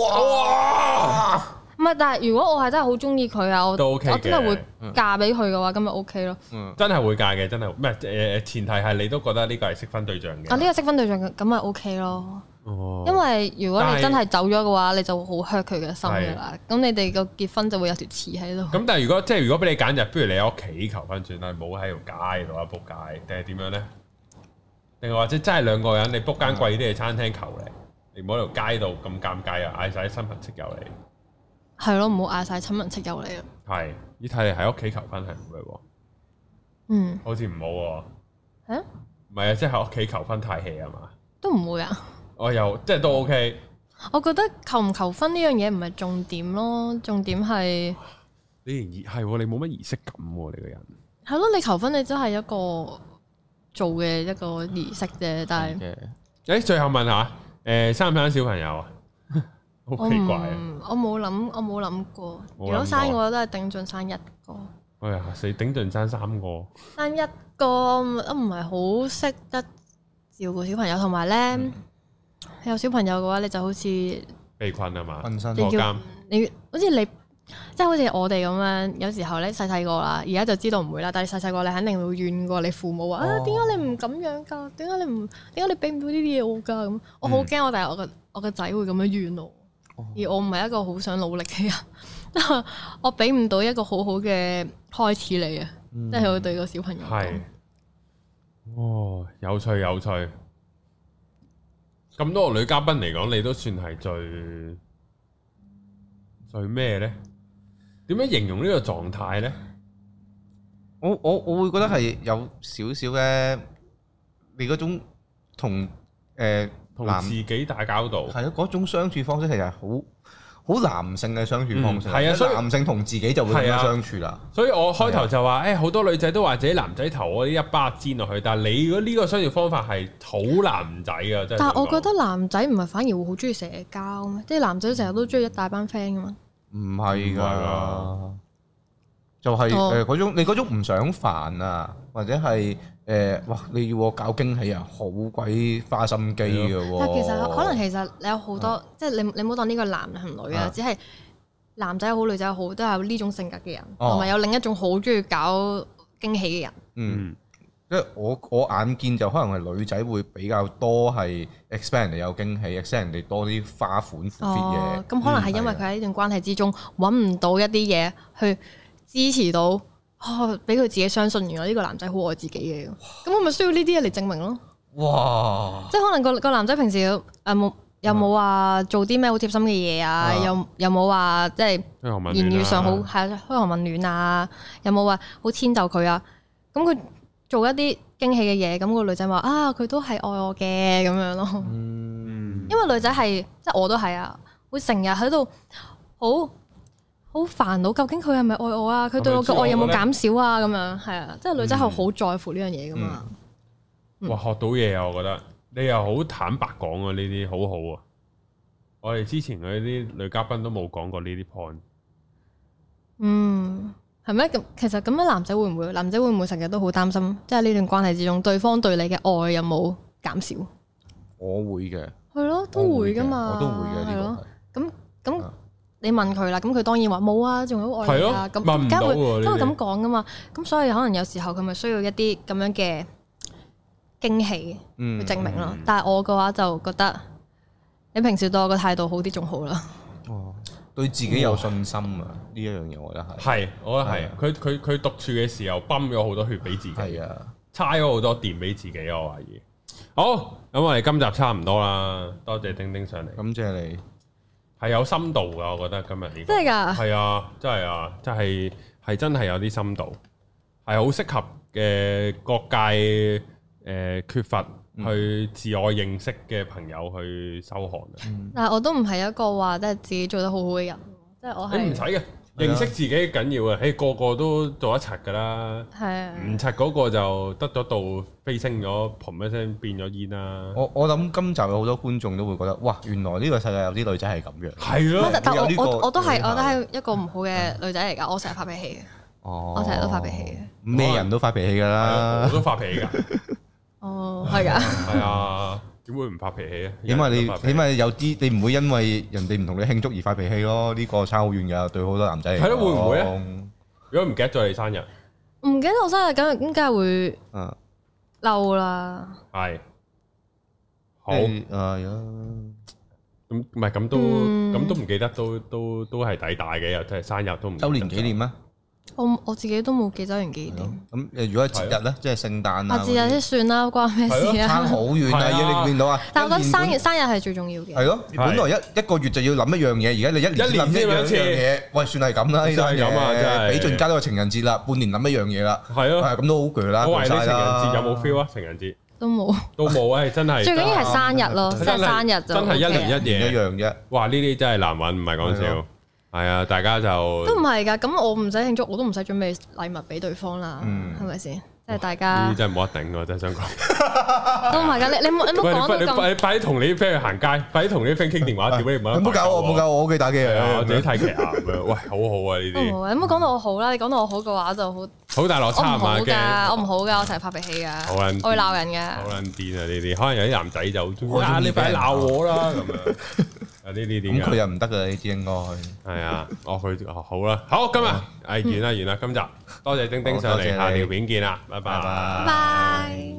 哇！唔係， (laughs) 但係如果我係真係好中意佢啊，我，都 ok 我真係會嫁俾佢嘅話，咁咪 O K 咯。真係會嫁嘅，真係唔係誒。前提係你都覺得呢個係適婚對象嘅。啊，呢、這個適婚對象咁咪 O K 咯。OK 哦，因為如果你真係走咗嘅話，是你就好 hurt 佢嘅心噶啦。咁，的你哋個結婚就會有條刺喺度。咁但係如果即係如果俾你揀，就不如你喺屋企求翻轉啦，冇喺條街度啊，仆街定係點樣咧？定係或者真係兩個人你 book 間貴啲嘅餐廳求咧，你唔好喺條街度咁尷尬啊！嗌晒親朋戚友嚟，係咯，唔好嗌晒親朋戚友嚟啊！係，你睇你喺屋企求婚係唔會喎，嗯，好似唔好喎，吓，唔係啊，即係喺屋企求婚太 hea 啊嘛，都唔會啊，我又，即係都 OK。我覺得求唔求婚呢樣嘢唔係重點咯，重點係呢件儀係你冇乜儀式感、啊，你個人係咯，你求婚你真係一個。做嘅一個儀式啫，但係，誒，最後問下，誒，生唔生小朋友啊？好奇怪啊！我冇諗，我冇諗過，如果生嘅話都係頂盡生一個。哎呀，死！頂盡生三個，生一個都唔係好識得照顧小朋友，同埋咧，有小朋友嘅話，你就好似被困係嘛？困身房間，你好似你。即係好似我哋咁樣，有時候咧細細個啦，而家就知道唔會啦。但係細細個你肯定會怨過你父母話，哦、啊，點解你唔咁樣噶、啊？點解你唔？點解你俾唔到呢啲嘢我噶？咁我好驚我第日我個我個仔會咁樣怨我。哦、而我唔係一個好想努力嘅人， (laughs) 我俾唔到一個好好嘅開始你啊，即係、嗯、我對個小朋友。係，哦，有趣有趣。咁多個女嘉賓嚟講，你都算係最最咩呢？點樣形容個狀態，呢個狀態咧？我我我會覺得係有少少嘅，你嗰種同誒同自己打交道，係咯嗰種相處方式其實好好男性嘅相處方式，係、嗯、啊，所以男性同自己就會咁相處啦、啊。所以我開頭就話，誒好、啊、多女仔都話自己男仔頭嗰啲，一巴尖落去，啊，但係你如果呢個相處方法係好男仔噶，真但係我覺得男仔唔係反而會好中意社交咩？即係男仔成日都中意一大班 friend 噶嘛。唔係噶，就係、是、誒、哦呃、嗰種你嗰種唔想煩啊，或者係誒、呃、哇你要我搞驚喜啊，好鬼、嗯、花心機噶喎。但其實可能其實你有好多，啊、即係你你唔好當呢個男定女啊，只係男仔好女仔好，都有呢種性格嘅人，同埋、哦、有另一種好中意搞驚喜嘅人。嗯。即我我眼見就可能係女仔會比較多係 expect 人哋有驚喜，expect 人哋多啲花款款嘢。咁、哦、可能係因為佢喺呢段關係之中揾唔到一啲嘢去支持到，啊俾佢自己相信原來呢個男仔好愛自己嘅。咁我咪需要呢啲嘢嚟證明咯。哇！即係可能個個男仔平時誒冇有冇話、啊、做啲咩好貼心嘅嘢啊？啊有又冇話即係言語上好係噓寒問暖啊，啊？有冇話、啊、好遷就佢啊？咁佢做一啲驚喜嘅嘢，咁個女仔話：啊，佢都係愛我嘅咁樣咯。嗯，因為女仔係即係我都係啊，會成日喺度好好煩惱，究竟佢係咪愛我啊？佢對我嘅愛有冇減少啊？咁樣係啊，即係女仔係好在乎呢樣嘢噶嘛。哇，學到嘢啊！我覺得你又好坦白講啊，呢啲好好啊。我哋之前嗰啲女嘉賓都冇講過呢啲 point。嗯。係咩？其實咁樣男仔會唔會？男仔會唔會成日都好擔心？即係呢段關係之中，對方對你嘅愛有冇減少？我會嘅。係咯，都會噶嘛。我都會嘅。係咯。咁咁，你問佢啦。咁佢當然話冇啊，仲有愛啊。係咯。問唔到啊。都會咁講噶嘛。咁所以可能有時候佢咪需要一啲咁樣嘅驚喜去證明咯。但係我嘅話就覺得，你平時對我嘅態度好啲仲好啦。哦。對自己有信心啊！呢哇 一樣嘢，我覺得係係，我覺得係。佢佢佢獨處嘅時候，泵咗好多血俾自己，係是啊，差咗好多電俾自己。我懷疑。好，咁我哋今集差唔多啦。多謝丁丁上嚟。感謝你，係有深度噶。我覺得今日呢、這個真係啊，真係啊，真係係真係有啲深度，係好適合嘅各界誒、呃、缺乏。去自我認識嘅朋友去收學，但係我都唔係一個話即係自己做得好好嘅人，即係我係。唔使嘅，認識自己緊要嘅，嘿，個個都做一拆㗎啦，係啊，唔拆嗰個就得咗道飛升咗，嘭一聲變咗煙啦。我我諗今集有好多觀眾都會覺得，哇！原來呢個世界有啲女仔係咁樣，係咯。但我我都係我都係一個唔好嘅女仔嚟㗎，我成日發脾氣嘅，我成日都發脾氣嘅，咩人都發脾氣㗎啦，我都發脾氣㗎。哦，係噶，係啊，點會唔發脾氣啊？起碼你起碼有啲，你唔會因為人哋唔同你慶祝而發脾氣咯。呢個差好遠噶，對好多男仔。係咯，會唔會啊？如果唔記得咗你生日，唔記得我生日咁，點解會嗯嬲啦？係，好係啊，咁唔係咁都咁都唔記得，都都都係抵大嘅，又即係生日都唔周年紀念啊！我我自己都冇記週年紀念。咁如果係節日咧，即係聖誕啊，節日都算啦，關咩事啊？差好遠啊！你唔見到啊？但係我覺得生日生日係最重要嘅。係咯，本來一一個月就要諗一樣嘢，而家你一年諗一樣嘢，喂，算係咁啦，依家係咁啊，真係。畀盡加都係情人節啦，半年諗一樣嘢啦。係咯，係咁都好攰啦，攰曬啦。情人節有冇 feel 啊？情人節都冇，都冇啊！真係最緊要係生日咯，即係生日。真係一年一年一樣啫。哇！呢啲真係難揾，唔係講笑。係啊，大家就都唔係噶，咁我唔使慶祝，我都唔使準備禮物俾對方啦，係咪先？即係大家真係冇得頂噶，真係想講都唔係噶，你你唔你快好講你啲同你啲 friend 去行街，快啲同你啲 friend 傾電話，點解唔好？你唔好搞我，唔好搞我，我屋企打機啊，我自己太騎下喂，好好啊？呢啲好，你唔好講到我好啦。你講到我好嘅話就好好大落差。唔好噶，我唔好噶，我成日發脾氣噶，我會鬧人噶。好卵癲啊！呢啲可能有啲男仔就中意哇，你快鬧我啦咁樣。咁佢又唔得嘅呢啲應該，係 (laughs) 啊，我、哦、去。好啦，好，今日，哦、哎，完啦，完啦，今集多謝丁丁上嚟，下條片見啦，拜拜。拜拜 Bye.